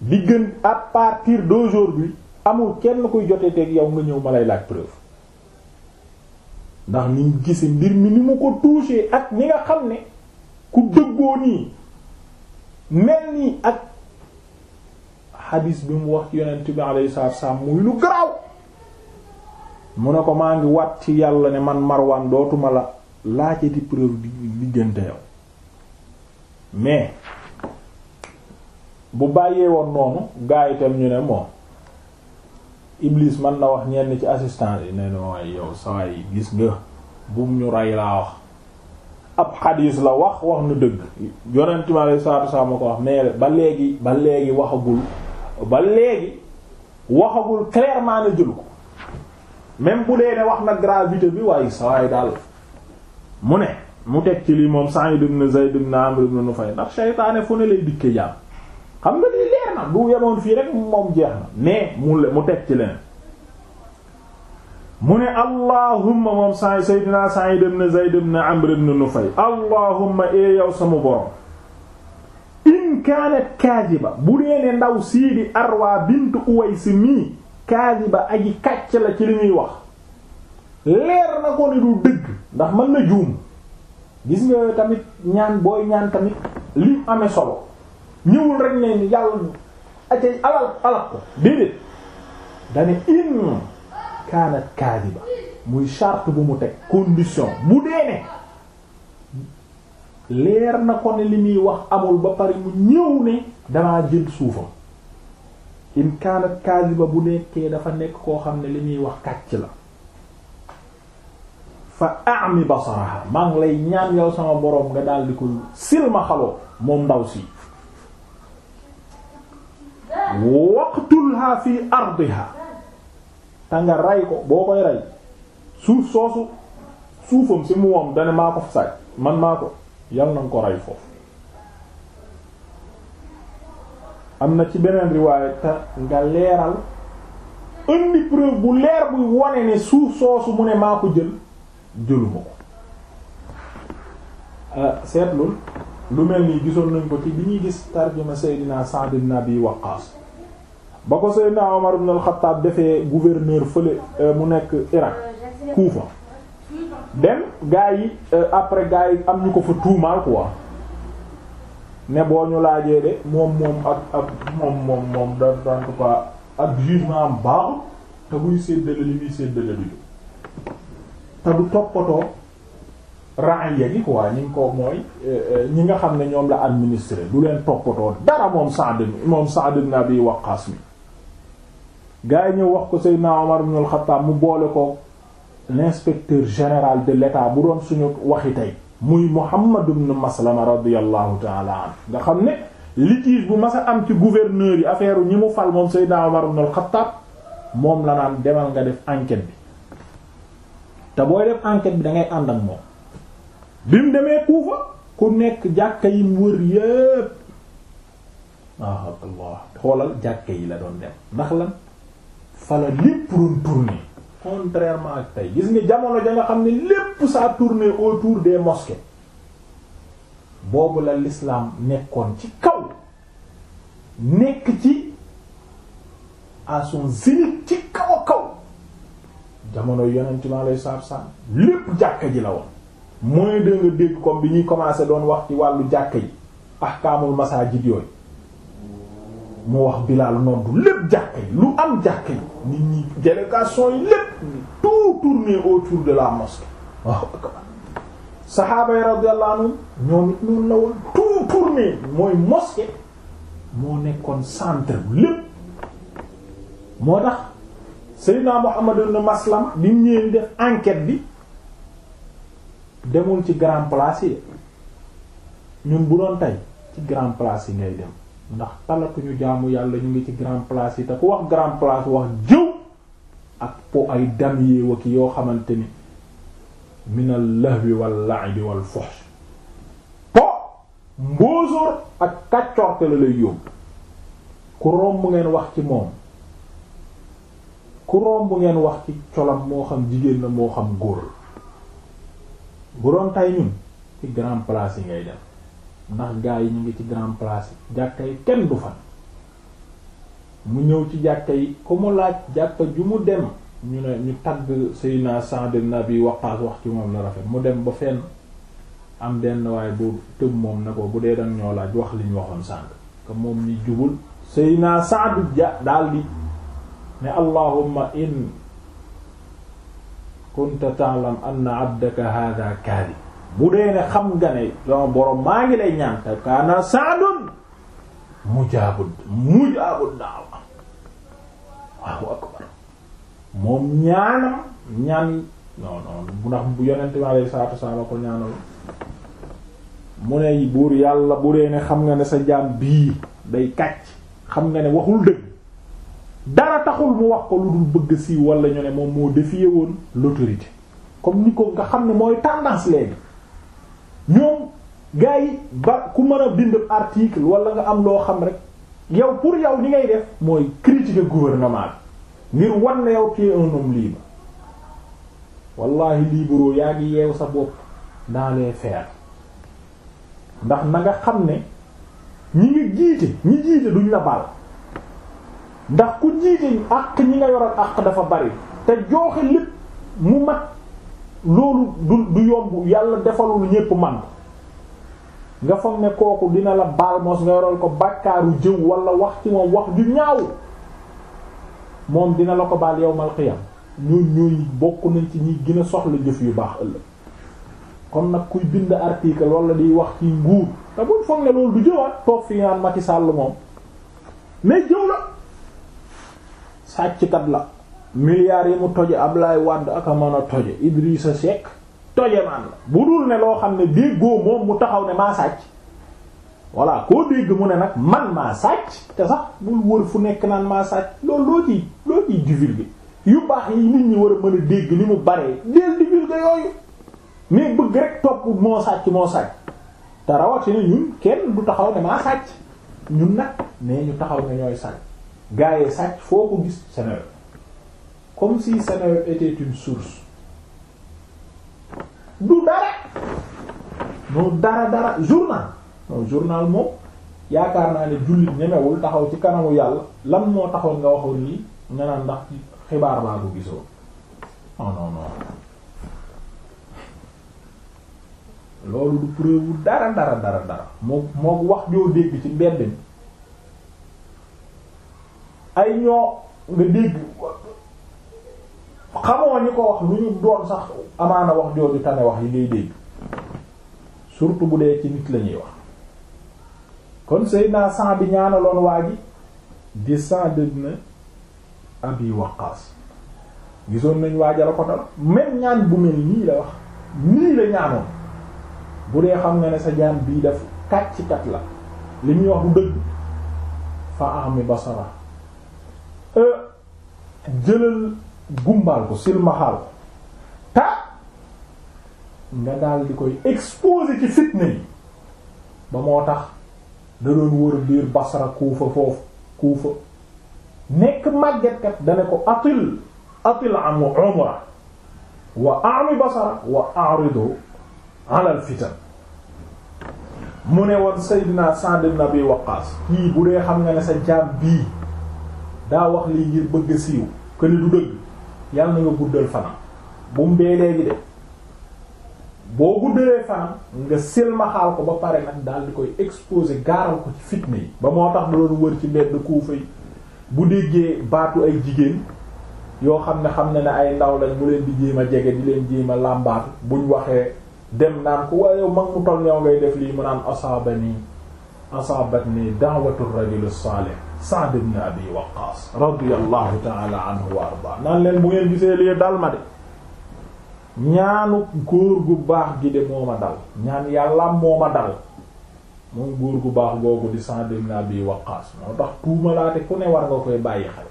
Speaker 1: di gën à partir d'aujourd'hui amul kenn koy jotee teeg yow nga ñëw ma lay laaj preuve ndax ni gise mbir mi ni mu ko touché ak ni nga xam ne ku dëggoo nii mel nii ak xadiis bi mu wax ci yonent bi alayhi salaatu muy lu garaaw mu ne ko maa ngi wat ci yàlla ne man Marwan dootuma la laajati preuve di diggante yow mais bu bàyyee woon noonu gaa yi itam ñu ne moom Iblis man na wax ñenn ci assistance yi ne waaye yow saa gis nga bum ñu rey laa wax ab xadiis la wax wax na dëgg yonent mi alayhi salaatu wa ko wax mais ba léegi ba léegi waxagul ba léegi waxagul clairement ne jël ko même bu dee ne wax na gravité bi waaye sawaay daal mu ne mu teg ci lii moom Sa'id ibn Zayd ibn Amr ibn Nufay ndax seytaane fu ne lay dikke jaam xam nga lii leer na du yemoon fii rek moom jeex na mais mu teg ci leneen mu ne allahumma moom sa sayyidina Sa'id ibn Zayd ibn Amr ibn Nufay allahumma e yow sama borom in kaanat kaajiba bu dee ne ndaw sii di Arwa bint Uways mii kaadiba aji kàcc la ci li muy wax leer na ko ni du dëgg ndax mën na juum gis nga tamit ñaan booy ñaan tamit lim amee solo ñëwul rek ne yàlla acay alal alal ko déedéet dane in kaanat mu teg condition bu deene leer na ko ne li muy wax amul ba pare mu ñëw ne damaa jël suufam in kaanat kaasiba bu nekkee dafa nekk koo xam ne li ñuy wax kàcc la fa ami basaraha maa ngi lay ñaan yow sama boroom nga daal di ko silma xaloo moom ndaw si waqtulha fi ardiha ta nga ray ko boo koy rey suuf soosu suufam si mu moom dane maa ko fa saaj man maa ko yal na nga ko rey foofu am na ci beneen riwaaya ta nga leeral indi preuve bu leer buy wone ne suuf soosu mu ne maa ko jël jëluma ko euh, seetlul lu mel nii gisoon nañ ko ci bi ñuy gis tarjuma Seydina Sa'd ibn Abi Waqqas ba ko Seydina Omar ibn al-Khattab defee gouverneur fële euh, mu nekk Irak Kufa dem gaa yi euh, après gaa yi am ñu ko fa tuumaal quoi ne boo ñu laajee de moom moom ak ak moom moom moom da en tout ak jugement am baaxul te muy sedd li muy séddale du te du toppatoo raaya gi quoi ñi ko mooy euh, euh, ñi nga xam ne ñoom la administré du leen toppatoo dara moom Sa'd moom Sa'd ibn Abi Waqqas mi gars yi ñëw wax ko Seydina Omar ibn al-Khattab mu boole ko l'inspecteur général de l'État bu doon suñu waxi tey muy Muhammad ibn Maslama radiyallahu ta'ala an nga xam ne litige bu mas a am ci gouverneur yi affaire ñi mu fal moom Seydina waru ibn al moom la naan demal nga def enquête bi te booy def enquête bi da ànd ak moom bi mu demee Kuufa ku nekk jàkka yi mu wër yépp ah Allah xoolal jàkka yi la doon dem ndax la lépp doon contrairement ak tey gis nga jamono ja nga xam ne lépp ça tourner autour des mosquées boobu la lislaam nekkoon ci kaw nekk ci à son zénith ci kaw kaw jamono yonent mi alayhi salaatu salaam lépp jàkka ji la woon mooy da nga dégg comme bi ñuy commencé doon wax ci wàllu jàkka ji masaa masaajid yooyu moo wax Bilaal noddu lépp jàkk yi lu am jàkk yi nit ñi délégation yi lépp tout tourné autour de la mosquée waaw saxaaba yi radiyallahu anhum ñoom it noonu la woon tout tourné mooy mosquée moo nekkoon centre lépp moo tax Seydina Muhammad ibn Maslama bi mu ñëwee bi demul ci grand place yi ñun bu doon tey ci grand place yi ngay dem ndax talatuñu jaamu yàlla ñu ngi ci grand place yi te ku wax grand place wax jëw ak po ay dam yéewa ki yoo xamante ni minal lahwi wal la'ibi wal fuhsh po mbóosóor ak kàccoorte la lay yóbbu ku romb ngeen wax ci moom ku romb ngeen wax ci colam moo xam jigéen na moo xam góor bu doon tay ñun ci grand place yi ngay dem ndax gaa yi ñu ngi ci grand place jàkka yi kenn bu fan mu ñëw ci jàkka yi ku mu laaj jàkka ju mu dem ñu ne ñu tagg Seydina Sa'd ibn Abi Waqqas wax ci moom la rafet mu dem ba fenn am benn waaye boobu tëb moom na ko bu dee dang ñoo laaj wax liñ waxoon sànq que moom ni jubul Seydina Sa'd ja daldi ne allahumma in kunta ta'lam anna abdaka hadha kadhib bu dee ne xam nga ne sama borom maa ngi lay ñaan te kaana saadun mujaabu mujaabu daawa waaw akbar moom ñaanam ñaan non non bu ndax bu yonent bi alayhi salaatu wasallam ko mu ne buur yàlla bu dee ne xam nga ne sa jaam bii day kàcc xam nga ne waxul dëgg dara taxul mu wax ko lu dul bëgg siiw wala ñu ne moom moo défier woon l'autorité comme ni ko nga xam ne mooy tendance léegi ñoom gars ba ku mën a bind article wala nga am loo xam rek yow pour yow li ngay def mooy critiquer gouvernement bi ngir wan na yow tu es un homme wallahi libre yaa ngi yeew sa bopp dans les faits ndax na nga xam ne ñi ngi jiite ñi jiite duñ la baal ndax ku jiite àq ñi nga yoral àq dafa bari te jooxe lépp mu mat loolu du du yomb yàlla defalul ñépp man nga foog ne kooku dina la baal mos nga yoral ko bàkkaaru jëw wala wax ci moom wax ju ñaaw moom dina la ko baal yowmal xiyam ñooñ ñooy bokk nañ ci ñi gën soxla jëf yu baax ëllëg kon nag kuy bind article wala di wax ci nguur te buñ foog ne loolu du jëwaat ah. toog fi naan Macky moom mais jëw la sàcckat la milliards yi mu toje Ablaye Wade ak a mën a toje Idrissa Seck toje man la bu dul ne loo xam ne déggoo moom mu taxaw ne maa sàcc voilà koo mu ne nag man maa te sax bul wër fu nekk naan maa sàcc loolu loo ciy loo ciy divulguer yu baax yi nit ñi war a mën a dégg ni mu baree deel divulguer yooyu mais bëgg rek topp moo sàcc moo sàcc te rawatina ñun kenn du taxaw ne maa sàcc ñun nag nee ñu taxaw ne ñooy sàcc gaayee sàcc foo ko gis Sénégal comme si Seneweb était une source du dara non dara dara journal non journal moom yaakaar naa ne jullit ñemewul taxaw ci kanamu yàlla lan moo taxoon nga waxoon lii nga naan ndax xibaar baa ko gisoo non non loolu du preuve dara dara dara dara moo moo wax joo dégg ci mbedd mi ay ñoo nga dégg xamoo ñi ko wax lu ñu doon sax amaana wax jooju tane wax yi ngay dégg surtout bu dee ci nit la ñuy wax kon naa Sa'd bi ñaanaloon waa ji di Sa'd ibn Abi Waqqas gisoon nañ waaja la ko dal même ñaan bu mel nii la wax nii la ñaanoon bu dee xam nga ne sa ñaan bii def kàcc kat la li ñuy wax bu dëgg fa ahmi basara euh, jëlal gumbaal ko silmaxaal ko ta nga daal koy exposé ci fitna yi ba moo tax da doon wër biir Basra Kuufa foofu Kuufa nekk màggetkat dane ko atil atil am umra wa ami basara wa arido alal fitan mu ne woon Seydina Sa'd ibn Abi Waqqas kii bu dee xam nga ne sa jaam bii daa wax lii ngir bëgg siiw këni du dëgg yàlla na nga guddal fanam bu mu dee léegi de boo guddalee fanam nga silmaxaal ko ba pare nag daal di koy exposé gaaral ko ci fitna yi ba moo tax da wër ci mbedd Kuufa yi bu déggee baatu ay jigéen yoo xam ne xam ne ne ay ndaw lañ mu leen di jéem a jege di leen jéem a làmbaatu buñ waxee dem naan ko waaye yow mag mu toll yow ngay def lii mu naan asaabani asaabat ni da'watu rajul salih Sa'd ibn Abi Waqqas radiyallahu ta'ala anhu wa arda naan leen bu ngeen gisee lii dal ma de ñaanu góor gu baax gi de moo ma dal ñaan yàlla moo ma dal moom góor gu baax googu di Sa'd ibn Abi Waqqas moo tax tuumalaate ku ne war nga koy bàyyi xel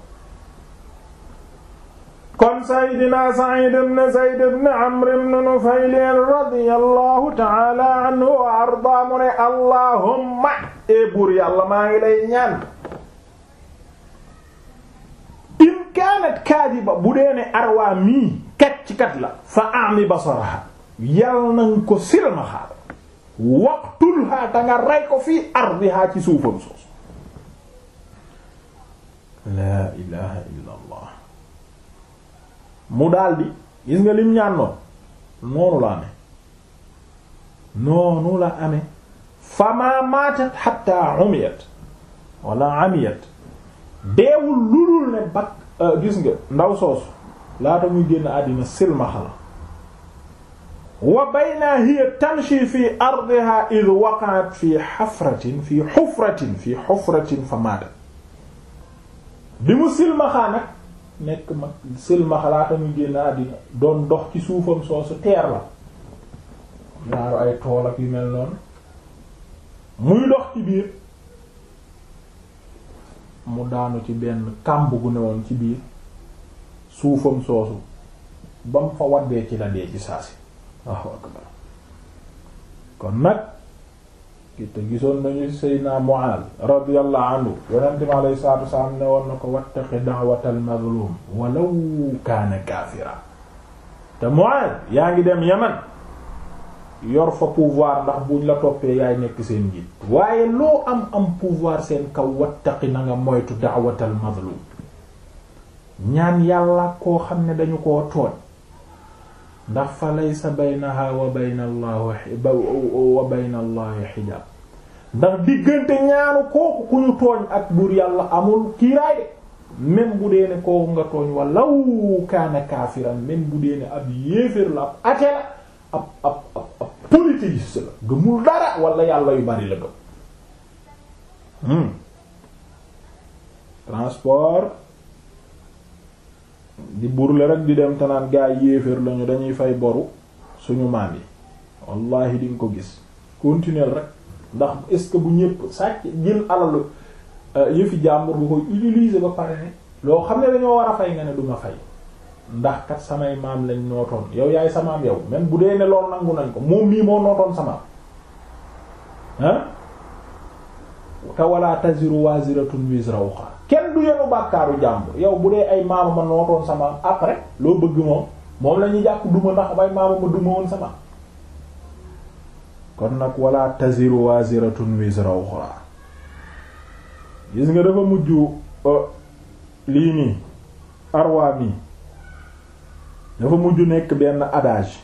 Speaker 1: kon Seydina Sa'id ibn Zayd ibn Amr ibn Nufayl radiyallahu ta'ala anhu wa arda mu ne allahumma e buur yàlla maa ngi lay ñaan kaanat kaadiba bu dee ne arwaa mii kat ci kat la fa ami yal nañ ko silmaxaa waqtulhaa ta nga rey ko fii ardihaa ci suufam soosu laa ilaha illa mu daal di gis nga lim ñaan noonu la amee noonu la amee famaa maatat xatta umiyat wala amiyat deewul lulul ne bak Euh, gis nga ndaw soosu laata muy génn àddina silmaxa la wa bayna hiya tamshi fi ardiha id waqa'at fi xafratin fi xufratin fi xufratin fa maata bi mu silmaxaa nag nekk mag silmaxa laata muy génn àddina doon dox ci suufam soosu teer la ñaaru ay tool yu mel noonu muy dox ci biir mu daanu ci benn kàmb gu ne woon ci biir suufam soosu ba mu fa waddee ci la dee ci saa si kon nag ki te gisoon nañu Seydina Mu'aaz radiyallahu anhu yonente mi alayhi salaatu wasalaam ne woon na ko wattaqi da'watal mazlum walaw kaana kaafira te Mu'aaz yaa ngi dem Yaman yor fa pouvoir ndax buñ la toppee yaay nekk seen njiit waaye loo am am pouvoir seen kaw wattaqi na nga moytu da'watal mazlum ñaan yàlla koo xam ne dañu koo tooñ ndax fa laysa baynaha wa bayna xijaab ndax diggante ñaanu kooku ku ñu tooñ ak buur yàlla amul kiiraay de même bu dee ne kooku nga tooñ walaw kaana kaafiran même bu dee ne ab yéeféer la ab ate la ab ab polythéiste la gëmul dara wala yàlla yu bari la gëm hmm. transport di burle rek di dem te naan gaa yi yéeféer lañu dañuy fay boru suñu maam yi wallahi di ko gis continuer rek ndax est-ce que bu ñëpp sàcc jël alalu euh, yëfi jàmbur bu koy utiliser ba pare ne loo xam ne dañoo war a fay nga ne duma fay ndax kat samay maam lañ nootoon yow yaay samaam yow même bu dee ne loolu nangu nañ ko moom mii moo nootoon samaam ah te wala taziru waziratun wizra ukhra kenn du yenu bàkkaaru jàmbur yow bu dee ay maama ma nootoon samaam après moom la ñuy jàpp duma ndax bay maama ma kon nag wala taziru waziratun wizra gis nga dafa mujj euh, lii nii arwa mi dafa mujj nekk benn adage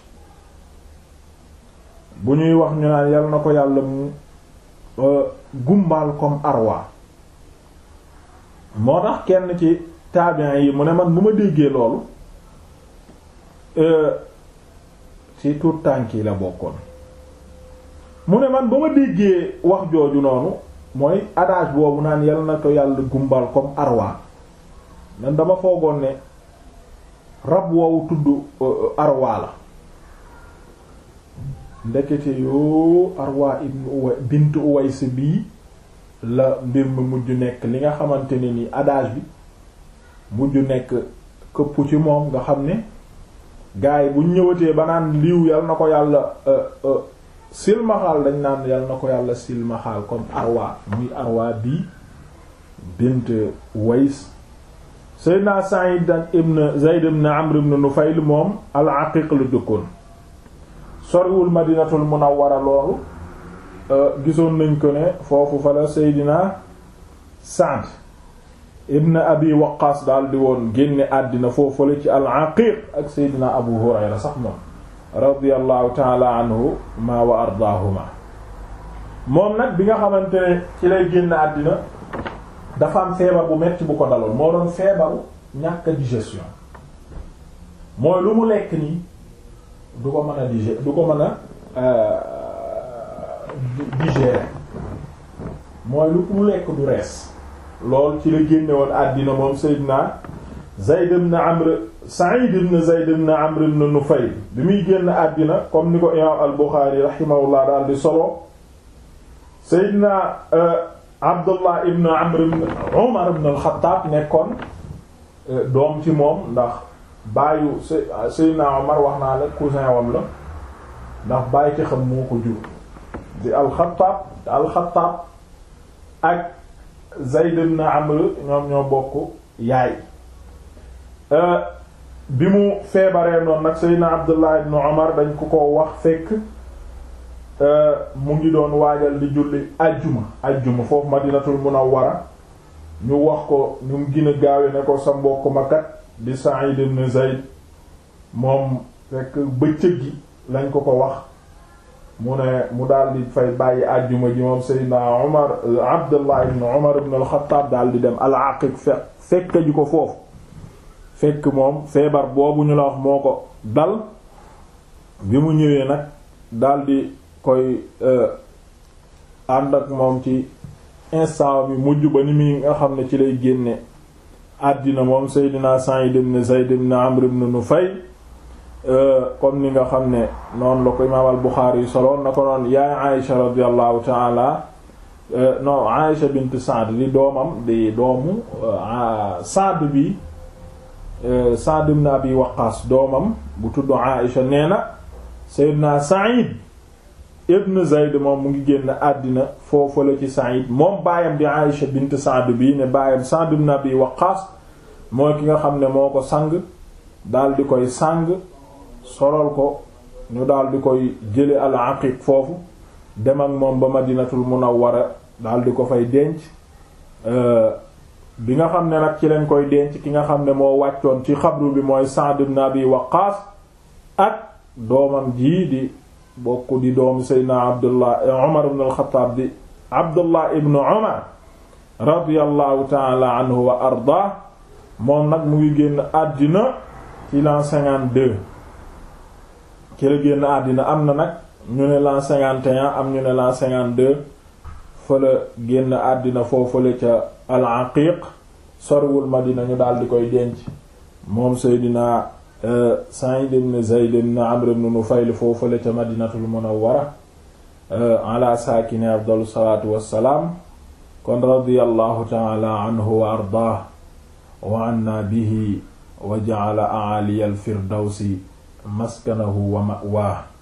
Speaker 1: bu ñuy wax ñu naan yal na ko yàlla mu euh, gumbaal comme arwa moo tax kenn ci tabiens yi mu ne man bu ma déggee loolu euh, ci tuut tànk yi la bokkoon mu ne man ba ma déggee wax jooju noonu mooy adage boobu naan yal na ko yàlla gumbaal comme arwa man dama foogoon ne rab woowu tudd euh, euh, arwa la ndekete yoo arwa ibn uway bint uways bii la mbir mi mujj nekk li nga xamante ne ni adage bi mujj nekk këpp ci moom nga xam ni gars yi bu ñëwatee ba naan liiw yal na ko yàlla euh, silmaxaal dañ naan yal na ko yàlla silmaxaal comme arwa muy arwa bii bint uways seydna Sa'id ibn Zayd ibn Amr ibn Nufayl moom al Aqiq la dëkkoon soriwul madinatul munawwara loolu euh, gisoon nañ ko ne foofu fa la seydna Sa'd ibn Abi Waqqas daal di woon génne àddina foofu la ci al Aqiq ak seydna Abu Hurayra sax moom radiyallahu taala ma wa ardaahuma moom nag bi nga xamante ne ci lay génn àddina dafa am feebar bu metti bu ko daloon moo doon feebaru ñàkk digestion mooy lu mu lekk nii du ko mën a du ko mën a euh, mooy lu mu lekk du rees lool ci la génne woon àddina moom Seydina Zayd ibn Amr Sa'id ibn Zayd ibn Amr ibn Nufayl bi muy génn àddina comme ni ko imaam al Buxaari rahimahullah daal di solo Seydina euh, Abdullah ibn Amr ibn Umar ibn al-Khattab nekkoon euh, doom ci moom ndax baayu euh, Seydina Umar wax naa la cousin wam la ndax bàyyi ci xam moo ko jur di al-Khattab te al-Khattab ak Zayd ibn Amr ñoom ñoo bokk yaay euh, bi mu feebaree noonu nag Seydina Abdullah ibn Umar dañ ko ko wax fekk mu ngi doon waajal di julli ajjuma ajjuma foofu madinatul munawwara ñu wax ko ñu mu gën gaawe ne ko sa mbokk ma kat di Sa'id ibn moom fekk bëccëg gi lañ ko ko wax mu ne mu daldi di fay bàyyi ajjuma ji moom Seydina Umar Abdullah ibn Umar ibn al-Khattab daal di dem al-Aqiq fekk ko foofu fekk moom feebar boobu ñu la wax moo ko dal bi mu ñëwee nag daal koy e, ànd ak moom ci instant bi mujj ba ni muy nga xam ne ci lay génne àddina moom Seydina Sa'id ibn Zayd ibn Amr ibn Nufay e, comme ni nga xam ne noon la ko imaam al-Bukhari yi soloon na ko noon yaay Aïsha radiyallahu ta'ala e, non Aïsha bint Sa'd li doomam di doomu bi Sa'd ibn Abi Waqqas doomam bu tudd Aïsha nee na Seydina Sa'id ibn Zayd moom mu ngi génn àddina foofu la ci Sa'id moom baayam di Aïcha bint Sa'd bii ne baayam Sa'd ibn Abi Waqqas mooy ki nga xam ne moo ko sang daal di koy sang solol ko ñu daal di koy jële al aqiq foofu dem ak moom ba ma mun Madinatul Munawwara daal di ko fay denc bi nga xam ne nag ci leen koy denc ki nga xam ne moo wàccoon ci xabru bi mooy Sa'd ibn Abi Waqqas ak doomam jii di bokk di doomu seydna abdullah eh, omar ibn alxataab di abdullah ibn omar radiallahu taala anhu wa arda moom nag mu ngi génn àddina ci l'an 52 ci la génn àddina am na nag ñu ne l'an 51 am ñu ne l'an 52 fëla génn àddina foofale ca al aqiq sorwul madina ñu daal di koy denc moom seydina Euh, Sa'id ibn Zayd ibn Amr ibn Nufayl foofale ca Madinatul Munawwara euh, ala saakini afdalu salaatu wassalaam kon radiyallahu ta'ala anhu wa ardaah wa anna bihi wa ja'ala a'ali al-firdawsi maskanahu wa ma'waah